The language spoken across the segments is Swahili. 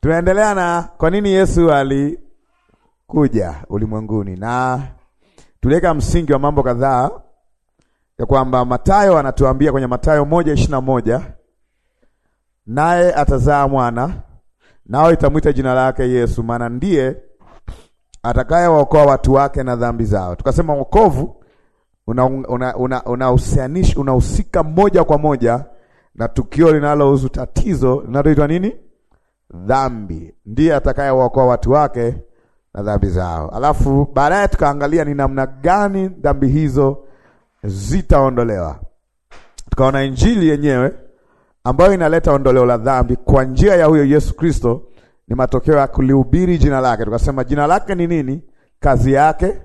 Tunaendelea na kwa nini Yesu alikuja ulimwenguni, na tuliweka msingi wa mambo kadhaa ya kwamba Mathayo anatuambia kwenye Mathayo moja ishirini na moja naye atazaa mwana nao itamwita jina lake Yesu, maana ndiye atakayewaokoa watu wake na dhambi zao. Tukasema wokovu unahusika una, una, una moja kwa moja na tukio linalohusu tatizo linaloitwa nini? dhambi, ndiye atakayewaokoa watu wake na dhambi zao. Alafu baadaye tukaangalia ni namna gani dhambi hizo zitaondolewa. Tukaona injili yenyewe ambayo inaleta ondoleo la dhambi kwa njia ya huyo Yesu Kristo ni matokeo ya kulihubiri jina lake. Tukasema jina lake ni nini? Kazi yake,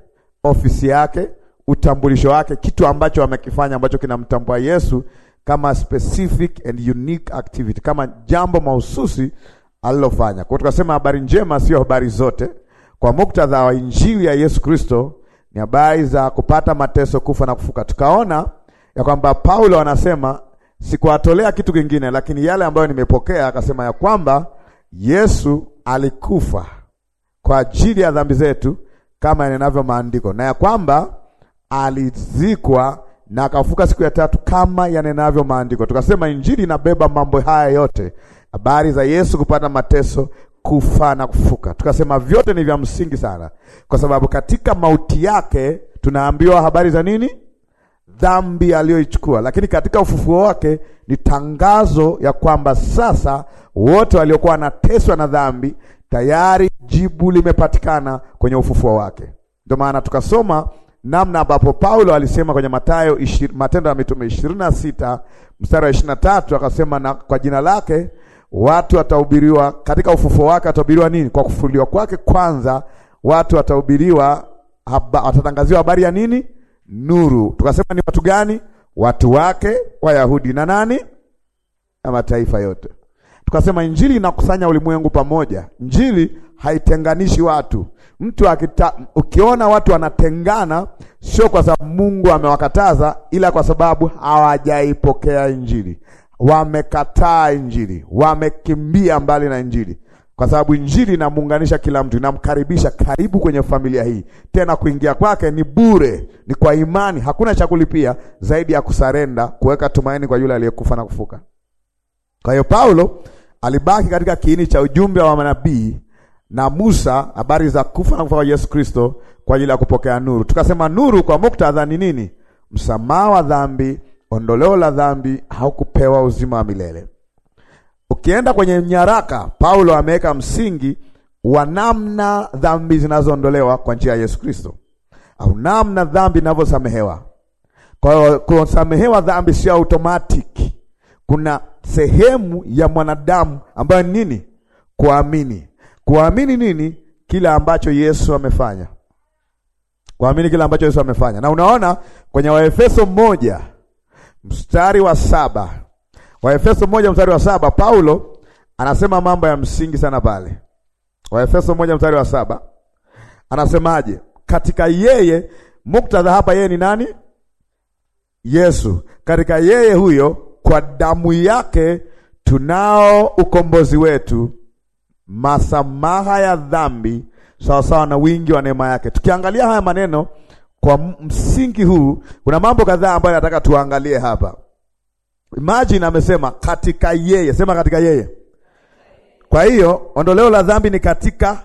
ofisi yake, utambulisho wake, kitu ambacho amekifanya ambacho kinamtambua Yesu kama specific and unique activity, kama jambo mahususi alilofanya. Kwa tukasema habari njema sio habari zote, kwa muktadha wa injili ya Yesu Kristo ni habari za kupata mateso, kufa na kufuka. Tukaona ya kwamba Paulo anasema sikuwatolea kitu kingine, lakini yale ambayo nimepokea, akasema ya kwamba Yesu alikufa kwa ajili ya dhambi zetu kama yanenavyo maandiko, na ya kwamba alizikwa na akafuka siku ya tatu kama yanenavyo maandiko. Tukasema injili inabeba mambo haya yote habari za Yesu kupata mateso, kufa na kufuka. Tukasema vyote ni vya msingi sana, kwa sababu katika mauti yake tunaambiwa habari za nini? Dhambi aliyoichukua. Lakini katika ufufuo wake ni tangazo ya kwamba sasa wote waliokuwa wanateswa na dhambi tayari jibu limepatikana kwenye ufufuo wake. Ndio maana tukasoma namna ambapo Paulo alisema kwenye Mathayo Matendo ya Mitume 26 mstari wa 23 akasema, na kwa jina lake watu watahubiriwa katika ufufuo wake, watahubiriwa nini? Kwa kufufuliwa kwake kwanza, watu watahubiriwa, watatangaziwa habari ya nini? Nuru. Tukasema ni watu gani? Watu wake, Wayahudi na nani? Na mataifa yote. Tukasema injili inakusanya ulimwengu pamoja. Injili haitenganishi watu. Mtu akita, ukiona watu wanatengana, sio kwa sababu Mungu amewakataza, ila kwa sababu hawajaipokea injili wamekataa Injili, wamekimbia mbali na Injili, kwa sababu Injili inamuunganisha kila mtu, inamkaribisha karibu kwenye familia hii. Tena kuingia kwake ni bure, ni kwa imani, hakuna cha kulipia zaidi ya kusarenda, kuweka tumaini kwa yule aliyekufa na kufuka. Kwa hiyo Paulo alibaki katika kiini cha ujumbe wa manabii na Musa, habari za kufa na kufa kwa Yesu Kristo kwa ajili ya kupokea nuru. Tukasema nuru kwa muktadha ni nini? Msamaha wa dhambi ondoleo la dhambi, haukupewa uzima wa milele. Ukienda kwenye nyaraka, Paulo ameweka msingi wa namna dhambi zinazoondolewa kwa njia ya Yesu Kristo, au namna dhambi zinavyosamehewa. Kwa hiyo kusamehewa dhambi sio automatic. Kuna sehemu ya mwanadamu ambayo ni nini? Kuamini. Kuamini nini? Kila ambacho Yesu amefanya, kuamini kila ambacho Yesu amefanya. Na unaona kwenye Waefeso moja mstari wa saba Waefeso moja mstari wa saba Paulo anasema mambo ya msingi sana pale. Waefeso moja mstari wa saba anasemaje? Katika yeye, muktadha hapa yeye ni nani? Yesu. Katika yeye huyo, kwa damu yake tunao ukombozi wetu, masamaha ya dhambi, sawasawa na wingi wa neema yake. Tukiangalia haya maneno kwa msingi huu kuna mambo kadhaa ambayo nataka tuangalie hapa. Imagine amesema katika yeye, sema katika yeye. Kwa hiyo ondoleo la dhambi ni katika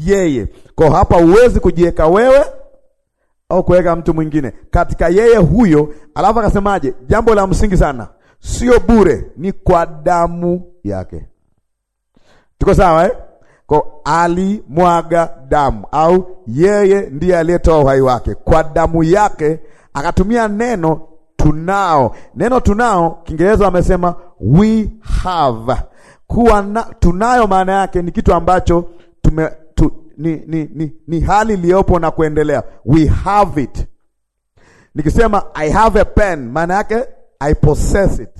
yeye. Kwa hapa huwezi kujiweka wewe au kuweka mtu mwingine, katika yeye huyo. Alafu akasemaje? Jambo la msingi sana, sio bure, ni kwa damu yake. Tuko sawa eh? Kwa alimwaga damu au yeye ndiye aliyetoa uhai wake kwa damu yake, akatumia neno tunao. Neno tunao, Kiingereza wamesema we have. Kuwa na, tunayo maana yake ni kitu ambacho tume, tu, ni, ni, ni, ni hali iliyopo na kuendelea. We have it. Nikisema I have a pen, maana yake I possess it,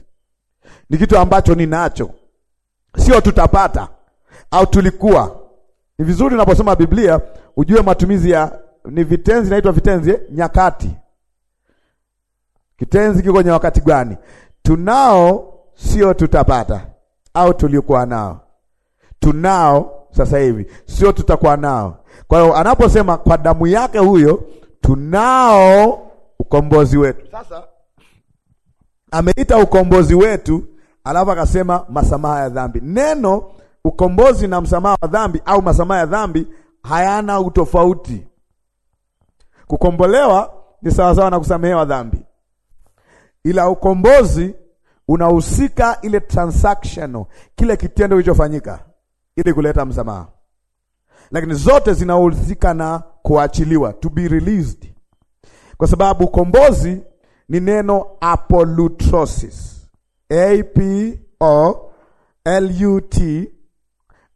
ni kitu ambacho ninacho, sio tutapata au tulikuwa. Ni vizuri unaposoma Biblia ujue matumizi ya ni vitenzi, naitwa vitenzi nyakati. Kitenzi kiko kwenye wakati gani? Tunao sio tutapata, au tulikuwa nao. Tunao sasa hivi, sio tutakuwa nao. Kwa hiyo anaposema kwa damu yake huyo, tunao ukombozi wetu. Sasa ameita ukombozi wetu, alafu akasema masamaha ya dhambi. Neno Ukombozi na msamaha wa dhambi au masamaha ya dhambi hayana utofauti. Kukombolewa ni sawasawa na kusamehewa dhambi, ila ukombozi unahusika ile transactional, kile kitendo kilichofanyika ili kuleta msamaha, lakini zote zinahusika na kuachiliwa, to be released, kwa sababu ukombozi ni neno apolutrosis, A P O L U T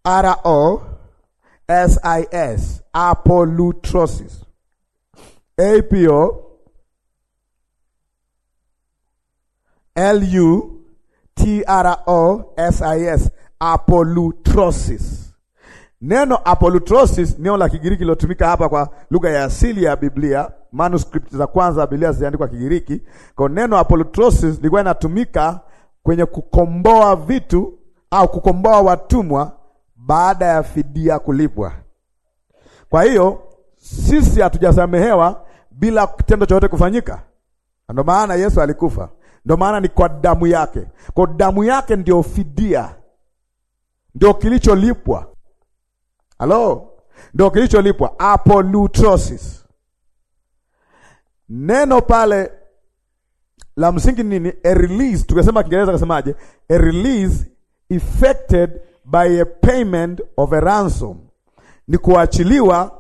R O S I S, apolutrosis. A P O L U T R O S I S, apolutrosis. Neno apolutrosis neno la Kigiriki lilotumika hapa kwa lugha ya asili ya Biblia, manuscript za kwanza Biblia ziliandikwa Kigiriki. Kwa neno apolutrosis lilikuwa linatumika kwenye kukomboa vitu au kukomboa watumwa baada ya fidia kulipwa. Kwa hiyo sisi hatujasamehewa bila kitendo chochote kufanyika. Ndio maana Yesu alikufa, ndio maana ni kwa damu yake. Kwa damu yake ndio fidia, ndio kilicholipwa. Halo, ndio kilicholipwa apolutrosis. Neno pale la msingi nini? A release. Tukasema Kiingereza, kasemaje? A release effected by a payment of a ransom, ni kuachiliwa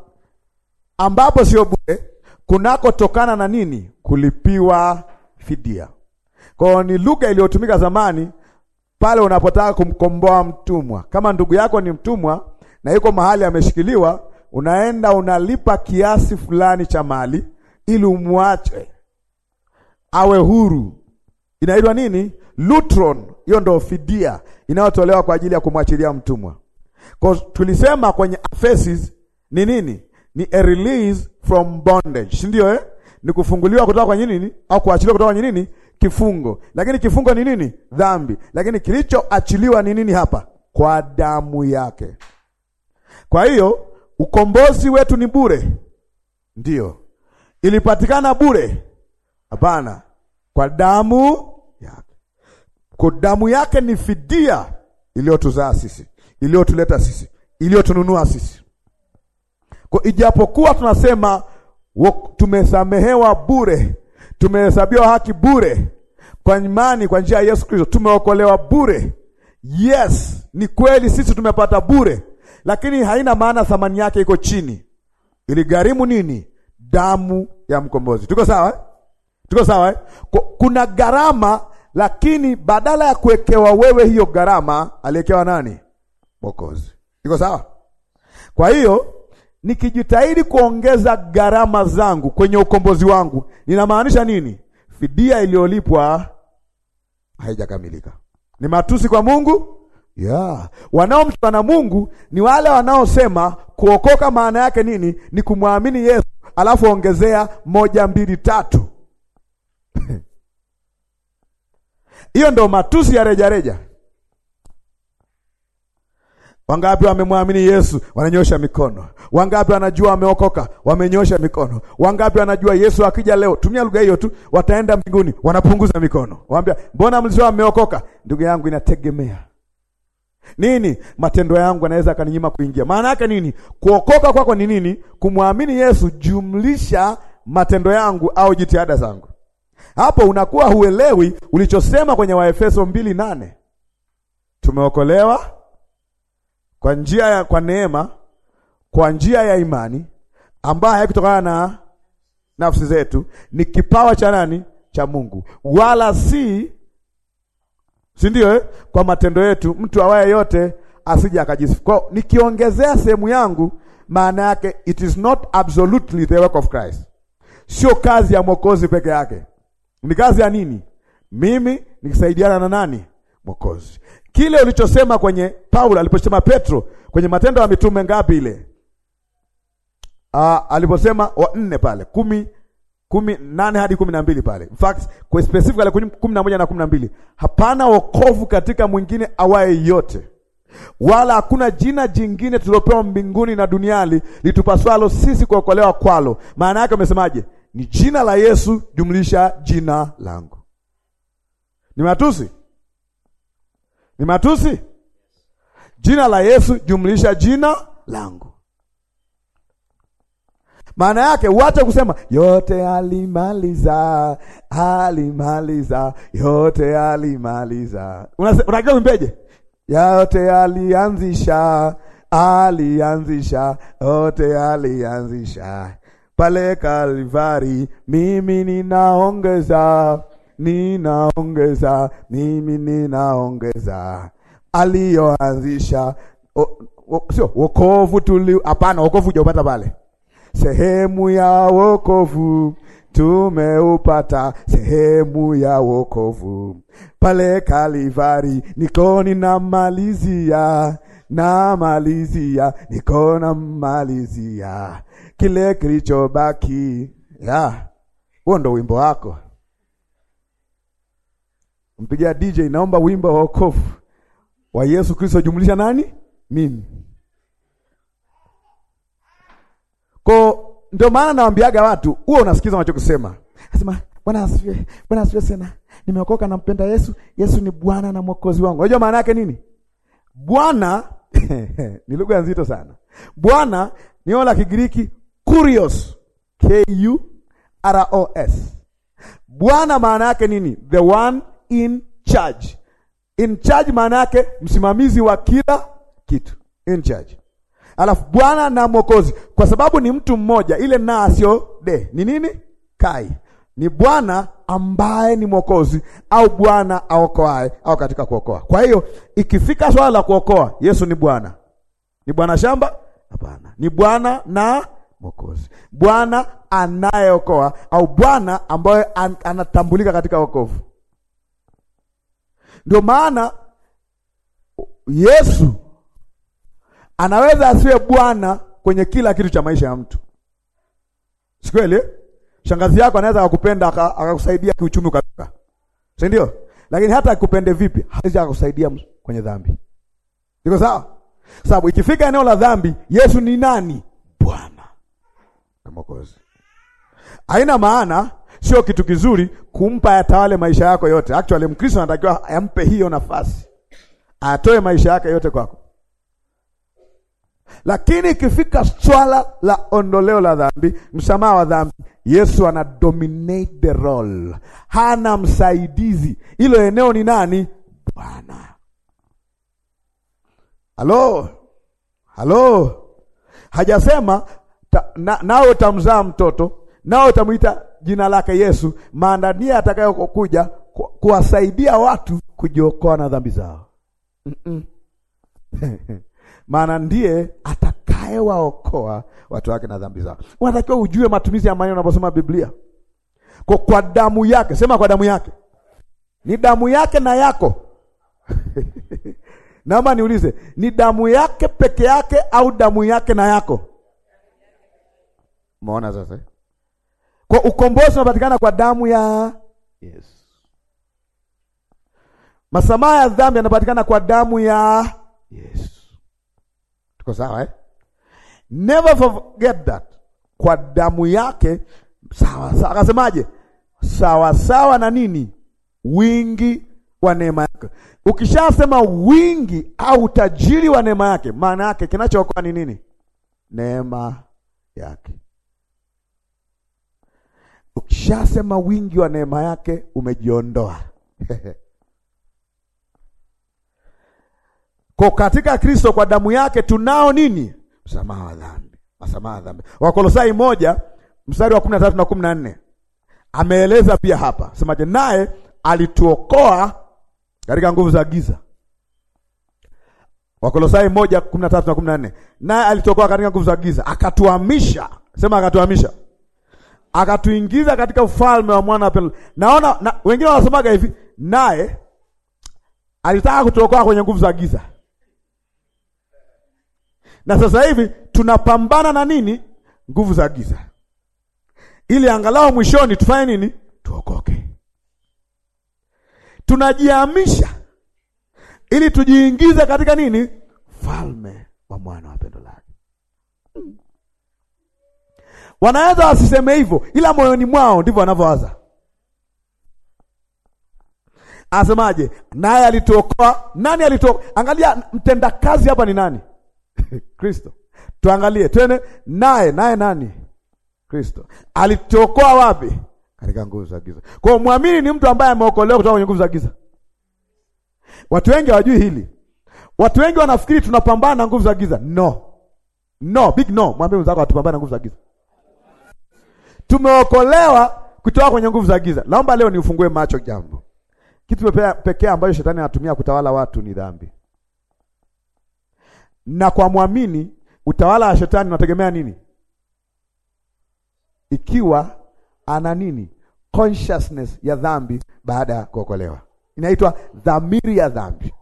ambapo sio bure, kunakotokana na nini? Kulipiwa fidia. Kwa hiyo ni lugha iliyotumika zamani pale unapotaka kumkomboa mtumwa. Kama ndugu yako ni mtumwa na yuko mahali ameshikiliwa, unaenda unalipa kiasi fulani cha mali ili umwache awe huru inaitwa nini? Lutron. Hiyo ndio fidia inayotolewa kwa ajili ya kumwachilia mtumwa. Kwa tulisema kwenye Aphesis ni nini? Ni a release from bondage, si ndio eh? Ni kufunguliwa kutoka kwenye nini au kuachiliwa kutoka kwenye nini? Kifungo. Lakini kifungo ni nini? Dhambi. Lakini kilichoachiliwa ni nini hapa? Kwa damu yake. Kwa hiyo ukombozi wetu ni bure, ndio ilipatikana bure? Hapana, kwa damu kwa damu yake ni fidia iliyotuzaa sisi, iliyotuleta sisi, iliyotununua sisi. Kwa ijapokuwa tunasema tumesamehewa bure, tumehesabiwa haki bure kwa imani, kwa njia ya Yesu Kristo tumeokolewa bure. Yes, ni kweli, sisi tumepata bure, lakini haina maana thamani yake iko chini. Iligharimu nini? Damu ya mkombozi. Tuko sawa Tuko sawa Kuna gharama lakini badala ya kuwekewa wewe hiyo gharama, aliwekewa nani? Mwokozi. Iko sawa? Kwa hiyo nikijitahidi kuongeza gharama zangu kwenye ukombozi wangu, ninamaanisha nini? Fidia iliyolipwa haijakamilika, ni matusi kwa Mungu. Yeah. Wanaomchwa na Mungu ni wale wanaosema kuokoka maana yake nini? Ni kumwamini Yesu alafu ongezea moja mbili tatu Hiyo ndo matusi ya rejareja. Wangapi wamemwamini Yesu wananyosha mikono? Wangapi wanajua wameokoka wamenyosha mikono? Wangapi wanajua Yesu akija leo, tumia lugha hiyo tu, wataenda mbinguni, wanapunguza mikono, waambia mbona mlisema wameokoka? Ndugu yangu, inategemea nini? Matendo yangu anaweza akaninyima kuingia. Maana yake nini? Kuokoka kwako ni nini? Kumwamini Yesu jumlisha matendo yangu au jitihada zangu hapo unakuwa huelewi ulichosema kwenye Waefeso mbili nane tumeokolewa kwa njia ya kwa neema kwa njia ya imani ambayo haikutokana na nafsi zetu, ni kipawa cha nani? Cha Mungu, wala si si ndio, eh? Kwa matendo yetu, mtu awaye yote asije akajisifu. Kwa nikiongezea sehemu yangu, maana yake it is not absolutely the work of Christ, sio kazi ya mwokozi peke yake. Ni kazi ya nini? Mimi nikisaidiana na nani? Mwokozi. Kile ulichosema kwenye Paulo aliposema Petro kwenye Matendo ya Mitume ngapi ile? Ah, aliposema wa nne pale kumi kumi nane hadi kumi na mbili pale. In fact, kwa specifically kumi na moja na kumi na mbili hapana wokovu katika mwingine awaye yote, wala hakuna jina jingine tulopewa mbinguni na duniani litupaswalo sisi kuokolewa kwalo. Maana yake amesemaje? ni jina la Yesu jumlisha jina langu. Ni matusi? Ni matusi? Jina la Yesu jumlisha jina langu. Maana yake wacha kusema yote alimaliza, alimaliza, yote alimaliza. Unajua mbeje Yote alianzisha, alianzisha, yote alianzisha pale Kalvari, mimi ninaongeza, ninaongeza, mimi ninaongeza aliyoanzisha sio wokovu tuli, hapana, wokovu hujaupata pale. Sehemu ya wokovu tumeupata, sehemu ya wokovu pale Kalivari. Niko na malizia niko malizia kile kilichobaki. Yeah. Huo ndo wimbo wako. Mpigia DJ, naomba wimbo wa wokovu wa Yesu Kristo, jumlisha nani? Mimi. Ko ndio maana nawaambiaga watu, huo unasikiza unachokisema. Nasema Bwana asifiwe. Bwana asifiwe sana. Nimeokoka na mpenda Yesu. Yesu ni Bwana na Mwokozi wangu. Unajua maana yake nini? Bwana ni lugha nzito sana. Bwana ni neno la Kigiriki Kurios, K U R O S. Bwana maana yake nini? The one in charge. In charge maana yake msimamizi wa kila kitu, in charge. Alafu Bwana na Mwokozi, kwa sababu ni mtu mmoja, ile na sio de ni nini? Kai ni Bwana ambaye ni Mwokozi au Bwana aokoae au katika kuokoa. Kwa hiyo ikifika swala la kuokoa, Yesu ni Bwana. Ni Bwana shamba? Hapana, ni Bwana na Mwokozi. Bwana anayeokoa au Bwana ambaye an, anatambulika katika wokovu. Ndio maana Yesu anaweza asiwe Bwana kwenye kila kitu cha maisha ya mtu. Si kweli? Shangazi yako anaweza akakupenda akakusaidia kiuchumi ukatoka. Si ndio? Lakini hata akupende vipi, hawezi akakusaidia kwenye dhambi. Iko sawa? Sababu ikifika eneo la dhambi, Yesu ni nani? Bwana na Mwokozi. Haina maana, sio kitu kizuri kumpa yatawale maisha yako yote. Actually Mkristo anatakiwa ampe hiyo nafasi, atoe maisha yake yote kwako. Lakini ikifika swala la ondoleo la dhambi, msamaha wa dhambi, Yesu ana dominate the role, hana msaidizi. Hilo eneo ni nani? Bwana. Halo, halo, hajasema ta, na, nao utamzaa mtoto nao utamwita jina lake Yesu, maana ndiye atakayokuja kuwasaidia watu kujiokoa na dhambi zao. Mm -mm. maana ndiye atakayewaokoa watu wake na dhambi zao. Unatakiwa ujue matumizi ya maneno unaposoma Biblia. Kwa, kwa damu yake, sema kwa damu yake, ni damu yake na yako naomba niulize, ni damu yake peke yake au damu yake na yako? Umeona sasa? Eh? Kwa ukombozi unapatikana kwa damu ya Yesu. masamaha ya dhambi yanapatikana kwa damu ya Yesu. Tuko sawa eh? Never forget that. Kwa damu yake sawa sawa, akasemaje? Sawa sawa na nini? Wingi wa neema yake. Ukishasema wingi au utajiri wa neema yake, maana yake kinachookoa ni nini? Neema yake. Ukishasema wingi wa neema yake umejiondoa. Kwa katika Kristo kwa damu yake tunao nini? Msamaha wa dhambi. Msamaha wa dhambi. Wakolosai moja mstari wa 13 na 14. Ameeleza pia hapa. Semaje naye alituokoa katika nguvu za giza. Wakolosai moja 13 na 14. Naye alituokoa katika nguvu za giza, akatuhamisha. Sema akatuhamisha akatuingiza katika ufalme wa mwana pekee. Naona na, wengine wanasemaga hivi, naye alitaka kutuokoa kwenye nguvu za giza, na sasa hivi tunapambana na nini? Nguvu za giza, ili angalau mwishoni tufanye nini? Tuokoke. Tunajihamisha ili tujiingize katika nini? Falme wa mwana wa pendo lake. Wanaweza wasiseme hivyo, ila moyoni mwao ndivyo wanavyowaza. Anasemaje? Naye alituokoa. Nani alituokoa? Angalia mtendakazi hapa ni nani? Kristo. Tuangalie twende naye. Naye nani? Kristo. Alituokoa wapi? Katika nguvu za giza. Kwa hiyo muamini ni mtu ambaye ameokolewa kutoka kwenye nguvu za giza. Watu wengi hawajui hili. Watu wengi wanafikiri tunapambana na nguvu za giza. No, no, big no. Mwambie mwenzako atupambane na nguvu za giza tumeokolewa kutoka kwenye nguvu za giza. Naomba leo niufungue macho jambo. Kitu pekee ambacho shetani anatumia kutawala watu ni dhambi. Na kwa mwamini, utawala wa shetani unategemea nini? Ikiwa ana nini? Consciousness ya dhambi baada ya kuokolewa. Inaitwa dhamiri ya dhambi.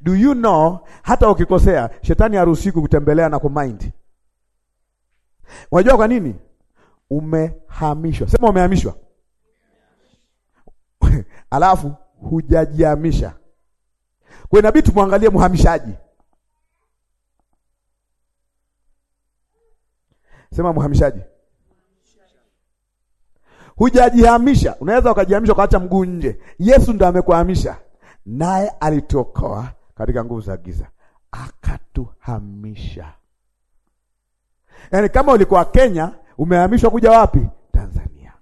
Do you know, hata ukikosea shetani haruhusiwi kutembelea na kumind Unajua kwa nini? Umehamishwa. Sema umehamishwa. Alafu hujajihamisha. Kwa inabidi tumwangalie mhamishaji. Sema mhamishaji. Hujajihamisha. Unaweza ukajihamisha ukaacha mguu nje. Yesu ndo amekuhamisha, naye alituokoa katika nguvu za giza akatuhamisha Yaani kama ulikuwa Kenya umehamishwa kuja wapi? Tanzania.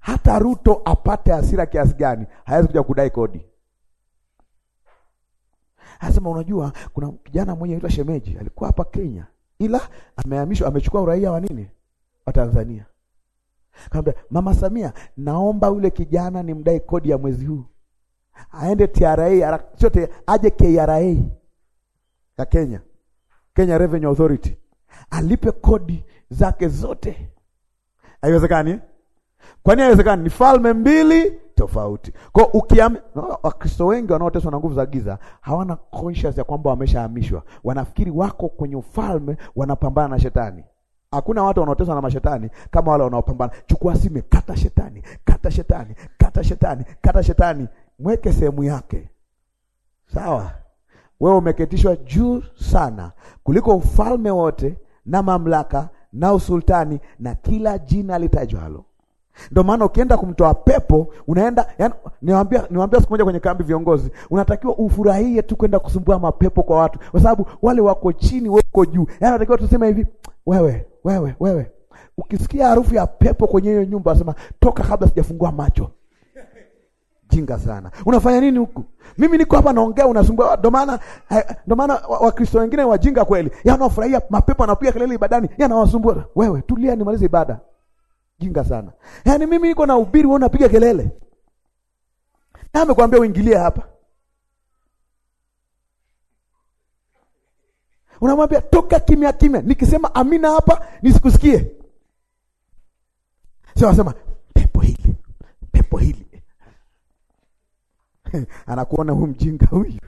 Hata Ruto apate hasira kiasi gani, hawezi kuja kudai kodi. Anasema unajua, kuna kijana mmoja anaitwa Shemeji alikuwa hapa Kenya, ila amehamishwa, amechukua uraia wa nini, wa Tanzania. Kaambia Mama Samia, naomba yule kijana ni mdai kodi ya mwezi huu, aende TRA, chote aje KRA ya Kenya, Kenya Revenue Authority alipe kodi zake zote. Haiwezekani, nini haiwezekani? Ni falme mbili tofauti. Kwa no, Wakristo wengi wanaoteswa na nguvu za giza hawana conscious ya kwamba wameshahamishwa, wanafikiri wako kwenye ufalme, wanapambana na shetani. Hakuna watu wanaoteswa na mashetani kama wale wanaopambana. Chukua sime, kata shetani, kata shetani, kata shetani, kata shetani, mweke sehemu yake sawa. Wewe umeketishwa juu sana kuliko ufalme wote na mamlaka na usultani na kila jina litajwalo. Ndio maana ukienda kumtoa pepo unaenda, yani, niwaambia niwaambia siku moja kwenye kambi viongozi, unatakiwa ufurahie tu kwenda kusumbua mapepo kwa watu, kwa sababu wale wako chini, wewe uko juu. Yani unatakiwa tuseme hivi, wewe wewe wewe, ukisikia harufu ya pepo kwenye hiyo nyumba, asema toka kabla sijafungua macho mjinga sana. Unafanya nini huku? Mimi niko hapa naongea, unasumbua. Ndio maana eh, ndio maana Wakristo wa wengine wajinga kweli, yanafurahia mapepo, anapiga kelele ibadani, yanawasumbua. Wewe tulia, nimalize ibada. Jinga sana. Yaani mimi niko na ubiri, wewe unapiga kelele. Na amekwambia uingilie hapa. Unamwambia toka kimya kimya, nikisema amina hapa nisikusikie. Sio, wasema anakuona huyu mjinga huyu.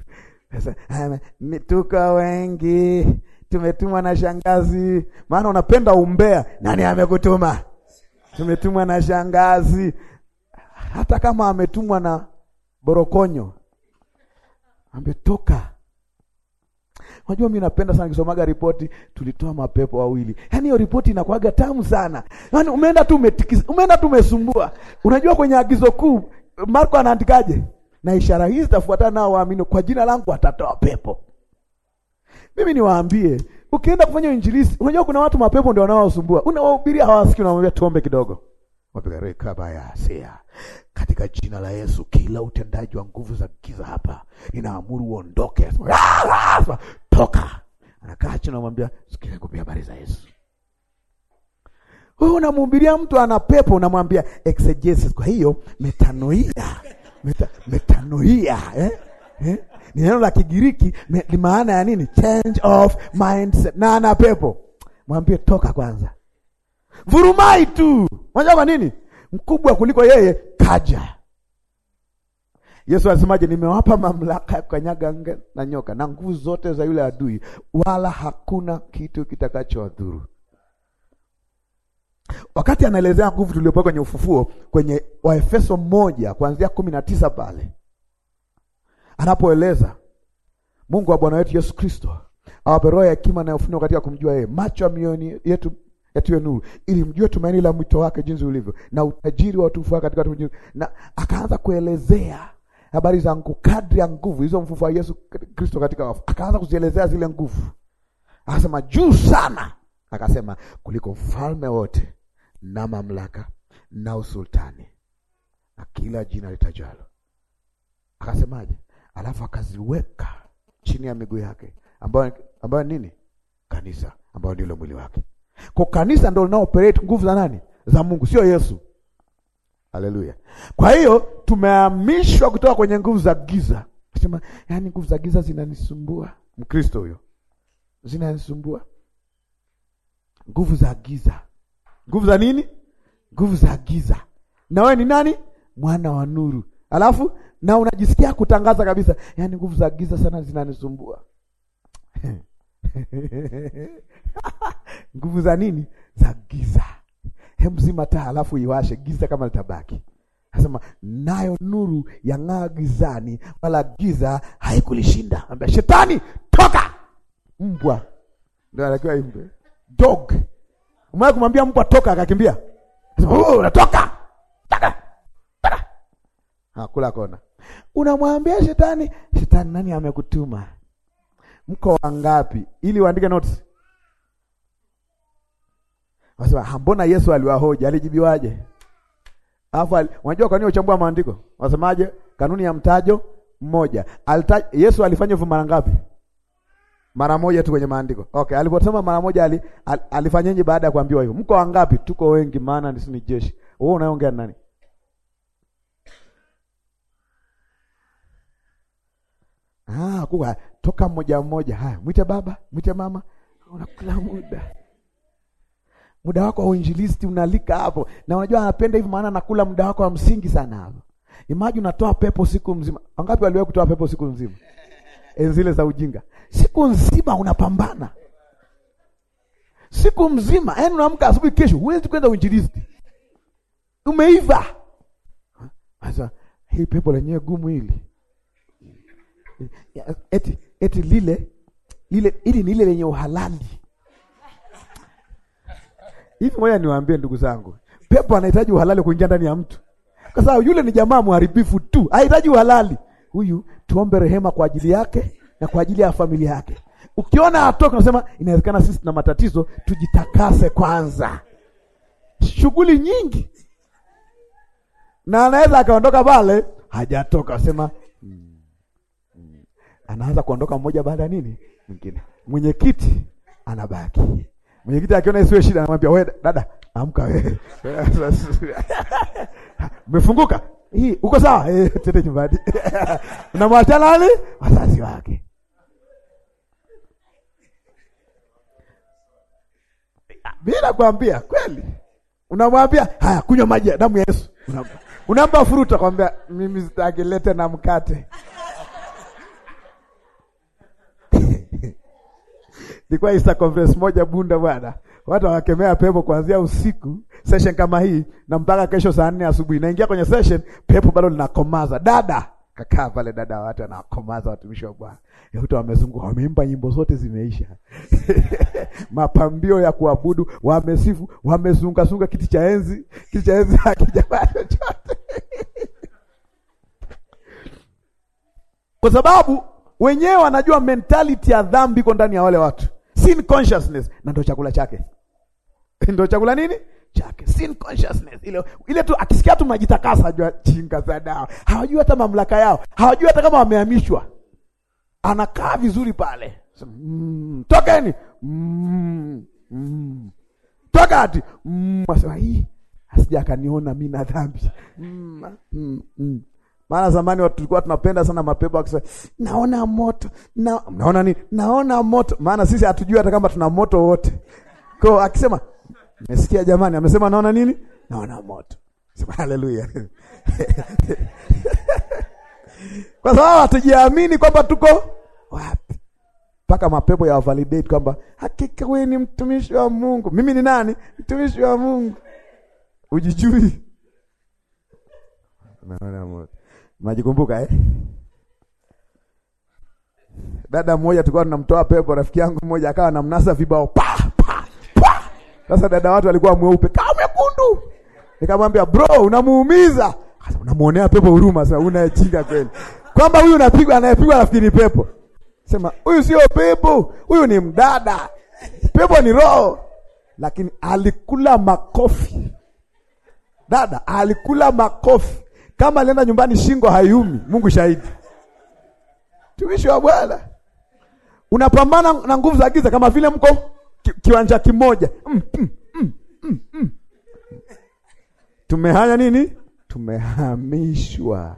Sasa tuko wengi tumetumwa na shangazi, maana unapenda umbea. Nani amekutuma? Tumetumwa na shangazi, hata kama ametumwa na borokonyo ametoka. Unajua, mimi napenda sana kisomaga ripoti, tulitoa mapepo wawili. Yaani hiyo ripoti inakuaga tamu sana, yaani umeenda tu umetikisa, umeenda tu umesumbua. Unajua kwenye agizo kuu Marko anaandikaje? na ishara hizi zitafuatana nao waamini, kwa jina langu watatoa pepo. Mimi niwaambie, ukienda kufanya injilisi, unajua kuna watu mapepo ndio wanaowasumbua, unawahubiria hawasikii, unamwambia tuombe kidogo, ya wapigarekabaasia katika jina la Yesu, kila utendaji wa nguvu za giza hapa ninaamuru uondoke, ah, ah, ah. toka. Anakaa chini, anamwambia sikia, kupia habari za Yesu. Wewe unamhubiria mtu ana pepo, unamwambia exegesis, kwa hiyo metanoia meta, metanoia eh? Eh? Ni neno la Kigiriki maana ya nini? Change of mindset. Na na pepo mwambie toka kwanza, vurumai tu. Unajua kwa nini? Mkubwa kuliko yeye kaja. Yesu alisemaje? Nimewapa mamlaka ya kukanyaga nge na nyoka na nguvu zote za yule adui, wala hakuna kitu kitakachowadhuru. Wakati anaelezea nguvu tuliyopewa kwenye ufufuo kwenye Waefeso moja kuanzia kumi na tisa pale anapoeleza Mungu wa Bwana wetu Yesu Kristo awape roho ya hekima na ufunuo katika kumjua yeye, macho ya mioyo yetu yatiwe nuru, ili mjue tumaini la mwito wake jinsi ulivyo, na utajiri wa utukufu wake katika tumaini. Na akaanza kuelezea habari za nguvu, kadri ya nguvu hizo mfufu wa Yesu Kristo katika wafu, akaanza kuzielezea zile nguvu, akasema juu sana, akasema kuliko mfalme wote na mamlaka na usultani na kila jina litajalo. Akasemaje? Alafu akaziweka chini ya miguu yake, ambayo ambayo nini? Kanisa, ambayo ndilo mwili wake. Kwa kanisa ndio linao operate nguvu za nani? Za Mungu, sio Yesu. Haleluya! Kwa hiyo tumehamishwa kutoka kwenye nguvu za giza. Sema yaani, nguvu za giza zinanisumbua. Mkristo huyo, zinanisumbua nguvu za giza nguvu za nini? Nguvu za giza. Na wewe ni nani? Mwana wa nuru. Alafu na unajisikia kutangaza kabisa, yaani nguvu za giza sana zinanisumbua nguvu za nini? Za giza. Hebu zima taa, alafu iwashe, giza kama litabaki. Anasema nayo nuru yang'aa gizani, wala giza haikulishinda. Ambia shetani, toka! Mbwa ndio anakiwa imbe dog Umewahi kumwambia mbwa toka akakimbia? Oh, natoka. Taka. Taka. Ha, ah, kula kona. Unamwambia shetani, shetani nani amekutuma? Mko wangapi? Ili uandike notes. Wasema, hambona ah, Yesu aliwahoja alijibiwaje? Alafu unajua kwa nini uchambua maandiko? Wasemaje? Kanuni ya mtajo mmoja. Alta, Yesu alifanya hivyo mara ngapi? mara moja tu kwenye maandiko. Okay, aliposema mara moja ali, al, alifanyaje baada ya kuambiwa hivyo? Mko wangapi? Tuko wengi maana nisi ni jeshi. Wewe unaongea nani? Ah, kwa toka mmoja mmoja. Haya, mwite baba, mwite mama. Unakula muda. Muda wako wa uinjilisti unalika hapo. Na unajua anapenda hivi maana anakula muda wako wa msingi sana hapo. Imagine unatoa pepo siku mzima. Wangapi waliwahi kutoa pepo siku mzima? enzi zile za ujinga, siku nzima unapambana, siku mzima, yaani unaamka asubuhi, kesho huwezi kwenda uinjilisti, umeiva sasa. Hii pepo lenyewe gumu hili, eti eti lile lile, ili ni lile lenye uhalali hivi. Moja niwaambie ndugu zangu, pepo anahitaji uhalali kuingia ndani ya mtu, kwa sababu yule ni jamaa mharibifu tu, hahitaji uhalali huyu tuombe rehema kwa ajili yake na kwa ajili ya familia yake. Ukiona atoka, unasema inawezekana sisi tuna matatizo, tujitakase kwanza. Shughuli nyingi, na anaweza akaondoka pale hajatoka, asema hmm, Anaanza kuondoka mmoja baada ya nini mwingine. Mwenyekiti anabaki, mwenyekiti akiona isiwe shida, anamwambia wewe dada, amka wewe mefunguka hii uko sawa? Eh, tete nyumbani. Unamwacha nani? Wazazi wake. Bila kuambia kweli, unamwambia haya, kunywa maji ya damu ya Yesu. Unampa furuta, kwambia mimi sitaki, lete na mkate Nilikuwa isa conference moja Bunda bwana, watu wanakemea pepo kuanzia usiku session kama hii na mpaka kesho saa nne asubuhi. Naingia kwenye session, pepo bado linakomaza. Dada kakaa pale, dada watu anakomaza watumishi wa Bwana, watu wamezunguka, wameimba nyimbo zote zimeisha mapambio ya kuabudu wamesifu, wamezunga sunga kiti cha enzi, kiti cha enzi hakijapata chochote kwa sababu wenyewe wanajua mentality ya dhambi iko ndani ya wale watu, sin consciousness, na ndio chakula chake. ndio chakula nini chake sin consciousness ile ile tu, akisikia tu majitakasa, hajua chinga za dawa, hawajui hata mamlaka yao, hawajui hata kama wamehamishwa. Anakaa vizuri pale mm, tokeni mm, mm. toka ati mm, asema hii asija akaniona mimi na dhambi mm, mm, mm. zamani watu tulikuwa tunapenda sana mapepo, akisema naona moto na, naona nini? Naona moto. Maana sisi hatujui hata kama tuna moto wote, kwa akisema Nimesikia jamani, amesema naona nini? Naona moto. Sema haleluya. Kwa sababu hatujiamini kwamba tuko wapi, mpaka mapepo ya validate kwamba hakika wewe ni mtumishi wa Mungu. Mimi ni nani? Mtumishi wa Mungu. Ujijui. Naona moto. Majikumbuka eh? Dada mmoja tulikuwa tunamtoa pepo, rafiki yangu mmoja akawa anamnasa vibao. pa sasa dada watu alikuwa mweupe kama mwekundu, nikamwambia bro, unamuumiza. Akasema unamuonea pepo huruma. Sasa una chinga kweli kwamba huyu unapigwa, anayepigwa rafiki ni pepo. Sema huyu sio pepo, huyu ni mdada, pepo ni roho. Lakini alikula makofi dada, alikula makofi kama alienda nyumbani, shingo hayumi, Mungu shahidi, tumishi wa Bwana, unapambana na nguvu za giza kama vile mko kiwanja kimoja mm, mm, mm, mm, mm. Tumehanya nini? Tumehamishwa.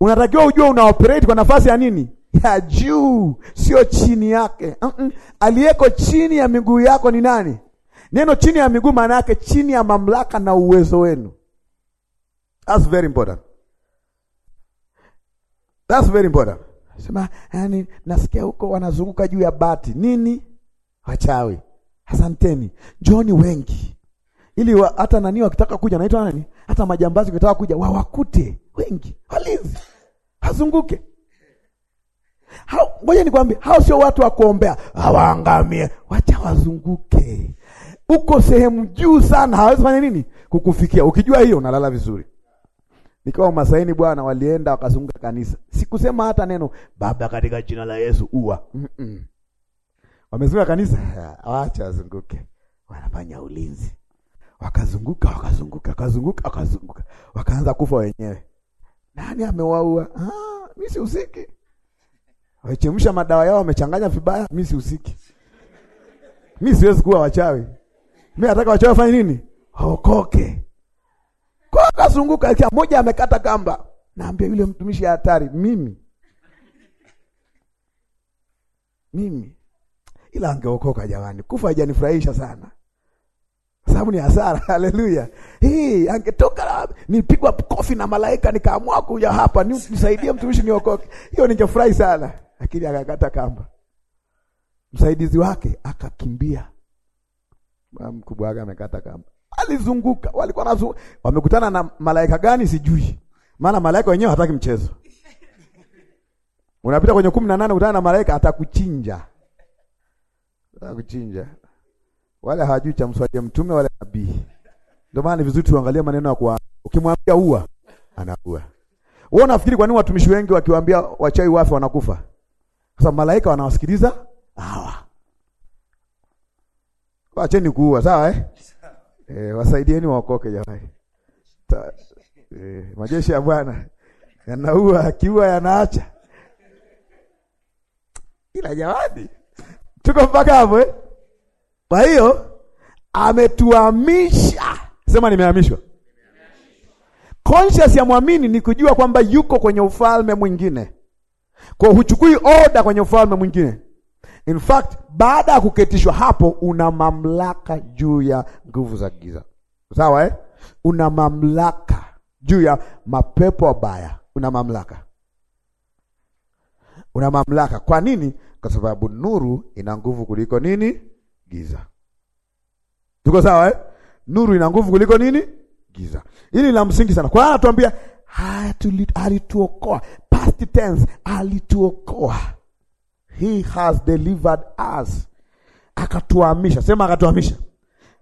Unatakiwa ujue una operate kwa nafasi ya nini? Ya juu, sio chini yake. mm -mm. Aliyeko chini ya miguu yako ni nani? Neno chini ya miguu maana yake chini ya mamlaka na uwezo wenu. That's very important. That's very important. Sema, yani nasikia huko wanazunguka juu ya bati nini? wachawi. Asanteni, njoni wengi, ili hata nani wakitaka kuja, naitwa nani, hata majambazi wakitaka kuja wawakute wengi, walinzi hazunguke. Ngoja nikwambie, hao sio watu wa kuombea hawaangamie, wacha wazunguke. Uko sehemu juu sana, hawezi fanya nini kukufikia. Ukijua hiyo unalala vizuri. Nikiwa Masaini bwana, walienda wakazunguka kanisa, sikusema hata neno, Baba katika jina la Yesu, ua mm -mm. Wamezunguka kanisa, eh, acha wazunguke, wanafanya ulinzi. Wakazunguka, wakazunguka, wakazunguka, wakazunguka, wakaanza kufa wenyewe. Nani amewaua? Ah, mimi usiki. Wachemsha madawa yao, wamechanganya vibaya, mimi usiki. Mimi siwezi kuwa wachawi. Mimi nataka wachawi wafanye nini? okoke Kwa akazunguka, kia moja amekata kamba. Naambia yule mtumishi hatari, mimi mimi ila angeokoka jamani. Kufa hajanifurahisha sana, sababu ni hasara. Haleluya! Hii angetoka nipigwa kofi na malaika, nikaamua kuja hapa nisaidie mtumishi niokoke, hiyo ningefurahi sana, lakini akakata kamba. Msaidizi wake akakimbia, mkubwa wake amekata kamba, alizunguka. Walikuwa nazu, wamekutana na malaika gani sijui, maana malaika wenyewe hataki mchezo. Unapita kwenye kumi na nane, kutana na malaika atakuchinja kuchinja, wala hajui cha mswaje mtume wala nabii. Ndio maana ni vizuri tuangalie maneno ya kwa, ukimwambia ua anaua. Wewe unafikiri kwa nini watumishi wengi wakiwaambia wachai wafe wanakufa? Sasa malaika wanawasikiliza hawa. Wacheni kuua, sawa eh? Eh, wasaidieni waokoke jamani. Eh, majeshi ya Bwana yanaua, akiua yanaacha. Ila jawadi tuko mpaka hapo eh? Kwa hiyo ametuhamisha, sema nimehamishwa. Conscious ya mwamini ni kujua kwamba yuko kwenye ufalme mwingine, kwa huchukui oda kwenye ufalme mwingine. In fact, baada ya kuketishwa hapo, una mamlaka juu ya nguvu za giza, sawa eh? Una mamlaka juu ya mapepo mabaya, una mamlaka, una mamlaka. Kwa nini? kwa sababu nuru ina nguvu kuliko nini? Giza. Tuko sawa eh? Nuru ina nguvu kuliko nini? Giza. Hili la msingi sana. Kwa hiyo anatuambia alituokoa, past tense, alituokoa. He has delivered us, akatuhamisha. Sema akatuhamisha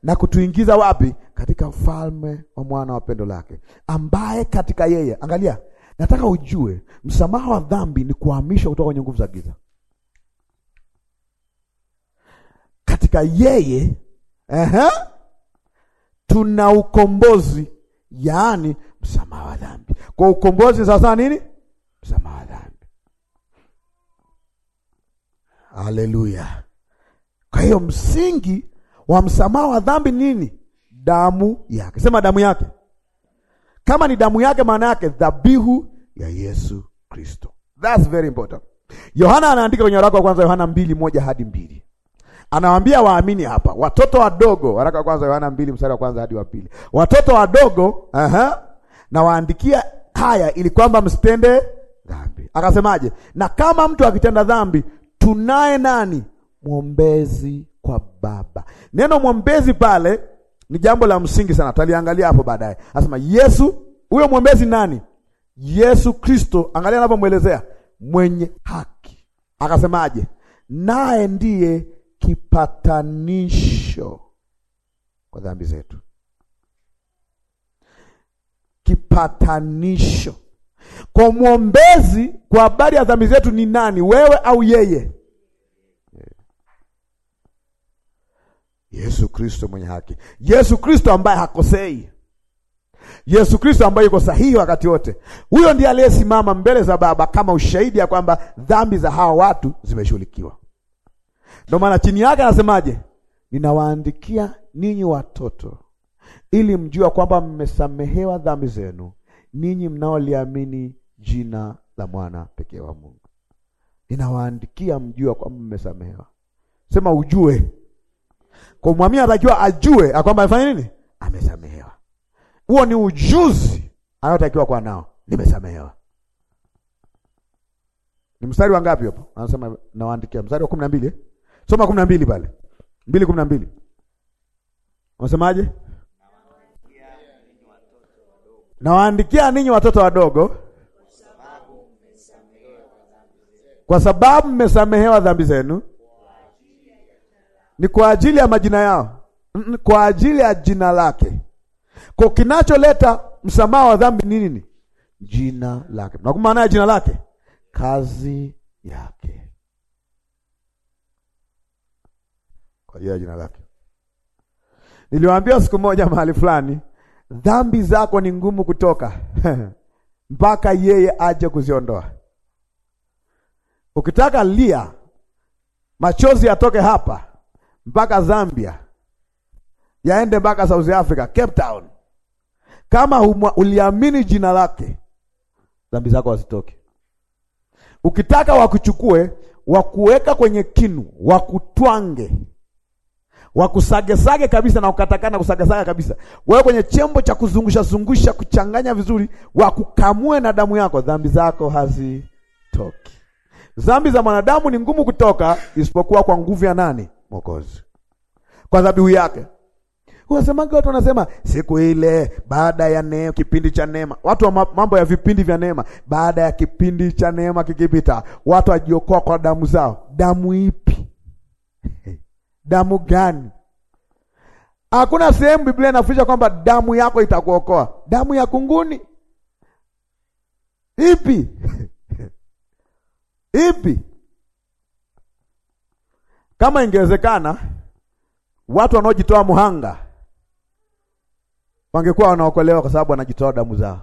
na kutuingiza wapi? Katika ufalme wa mwana wa pendo lake, ambaye katika yeye, angalia, nataka ujue msamaha wa dhambi ni kuhamishwa kutoka kwenye nguvu za giza. katika yeye ehe, tuna ukombozi, yaani msamaha wa dhambi. Kwa ukombozi sasa nini? Msamaha wa dhambi. Haleluya! Kwa hiyo msingi wa msamaha wa dhambi nini? Damu yake. Sema damu yake. Kama ni damu yake, maana yake dhabihu ya Yesu Kristo. That's very important. Yohana anaandika kwenye waraka wa kwanza Yohana mbili moja hadi mbili Anawaambia waamini hapa, watoto wadogo, waraka kwanza Yohana mbili mstari wa kwanza hadi wa pili, watoto wadogo aha, na waandikia haya ili kwamba msitende dhambi. Akasemaje? Na kama mtu akitenda dhambi, tunaye nani? Mwombezi kwa Baba. Neno mwombezi pale ni jambo la msingi sana, taliangalia hapo baadaye. Anasema Yesu, huyo mwombezi nani? Yesu Kristo. Angalia anavyomwelezea mwenye haki, akasemaje? Naye ndiye kipatanisho kwa dhambi zetu, kipatanisho kwa mwombezi kwa habari ya dhambi zetu. Ni nani, wewe au yeye? Yesu Kristo mwenye haki, Yesu Kristo ambaye hakosei, Yesu Kristo ambaye yuko sahihi wakati wote. Huyo ndiye aliyesimama mbele za Baba kama ushahidi ya kwamba dhambi za hawa watu zimeshughulikiwa. Ndio maana chini yake anasemaje? Ninawaandikia ninyi watoto, ili mjua kwamba mmesamehewa dhambi zenu, ninyi mnaoliamini jina la mwana pekee wa Mungu. Ninawaandikia mjua kwamba mmesamehewa. Sema ujue, kwa mwamini anatakiwa ajue kwamba amefanya nini, amesamehewa. Huo ni ujuzi anayotakiwa kuwa nao, nimesamehewa. Ni mstari wa ngapi hapo? Anasema nawaandikia, mstari wa kumi na mbili. Eh? Soma kumi na mbili pale mbili kumi na mbili unasemaje? Nawaandikia ninyi watoto wadogo, kwa sababu mmesamehewa dhambi zenu. Ni kwa ajili ya majina yao, kwa ajili ya jina lake. Kwa kinacholeta msamaha wa dhambi ni nini? Jina lake. Na ya jina lake, kazi yake kwa ajili ya jina lake. Niliwaambia siku moja mahali fulani, dhambi zako ni ngumu kutoka mpaka yeye aje kuziondoa. Ukitaka lia machozi yatoke hapa mpaka Zambia, yaende mpaka South Africa, Cape Town, kama umwa, uliamini jina lake, dhambi zako hazitoke. Ukitaka wakuchukue, wakuweka kwenye kinu, wakutwange wakusagesage kabisa na ukatakana kusagasaga kabisa, wewe kwenye chembo cha kuzungusha zungusha, kuchanganya vizuri, wakukamue na damu yako, dhambi zako hazitoki. Dhambi za mwanadamu ni ngumu kutoka, isipokuwa kwa nguvu ya nani? Mwokozi, kwa dhabihu yake. Unasemaje? Watu wanasema siku ile baada ya neema, kipindi cha neema. Watu wa mambo ya vipindi vya neema, baada ya kipindi cha neema kikipita, watu wajiokoa kwa damu zao. Damu ipi? damu gani? Hakuna sehemu Biblia inafundisha kwamba damu yako itakuokoa. Damu ya kunguni ipi? ipi? Kama ingewezekana watu wanaojitoa muhanga wangekuwa wanaokolewa kwa sababu wanajitoa damu zao.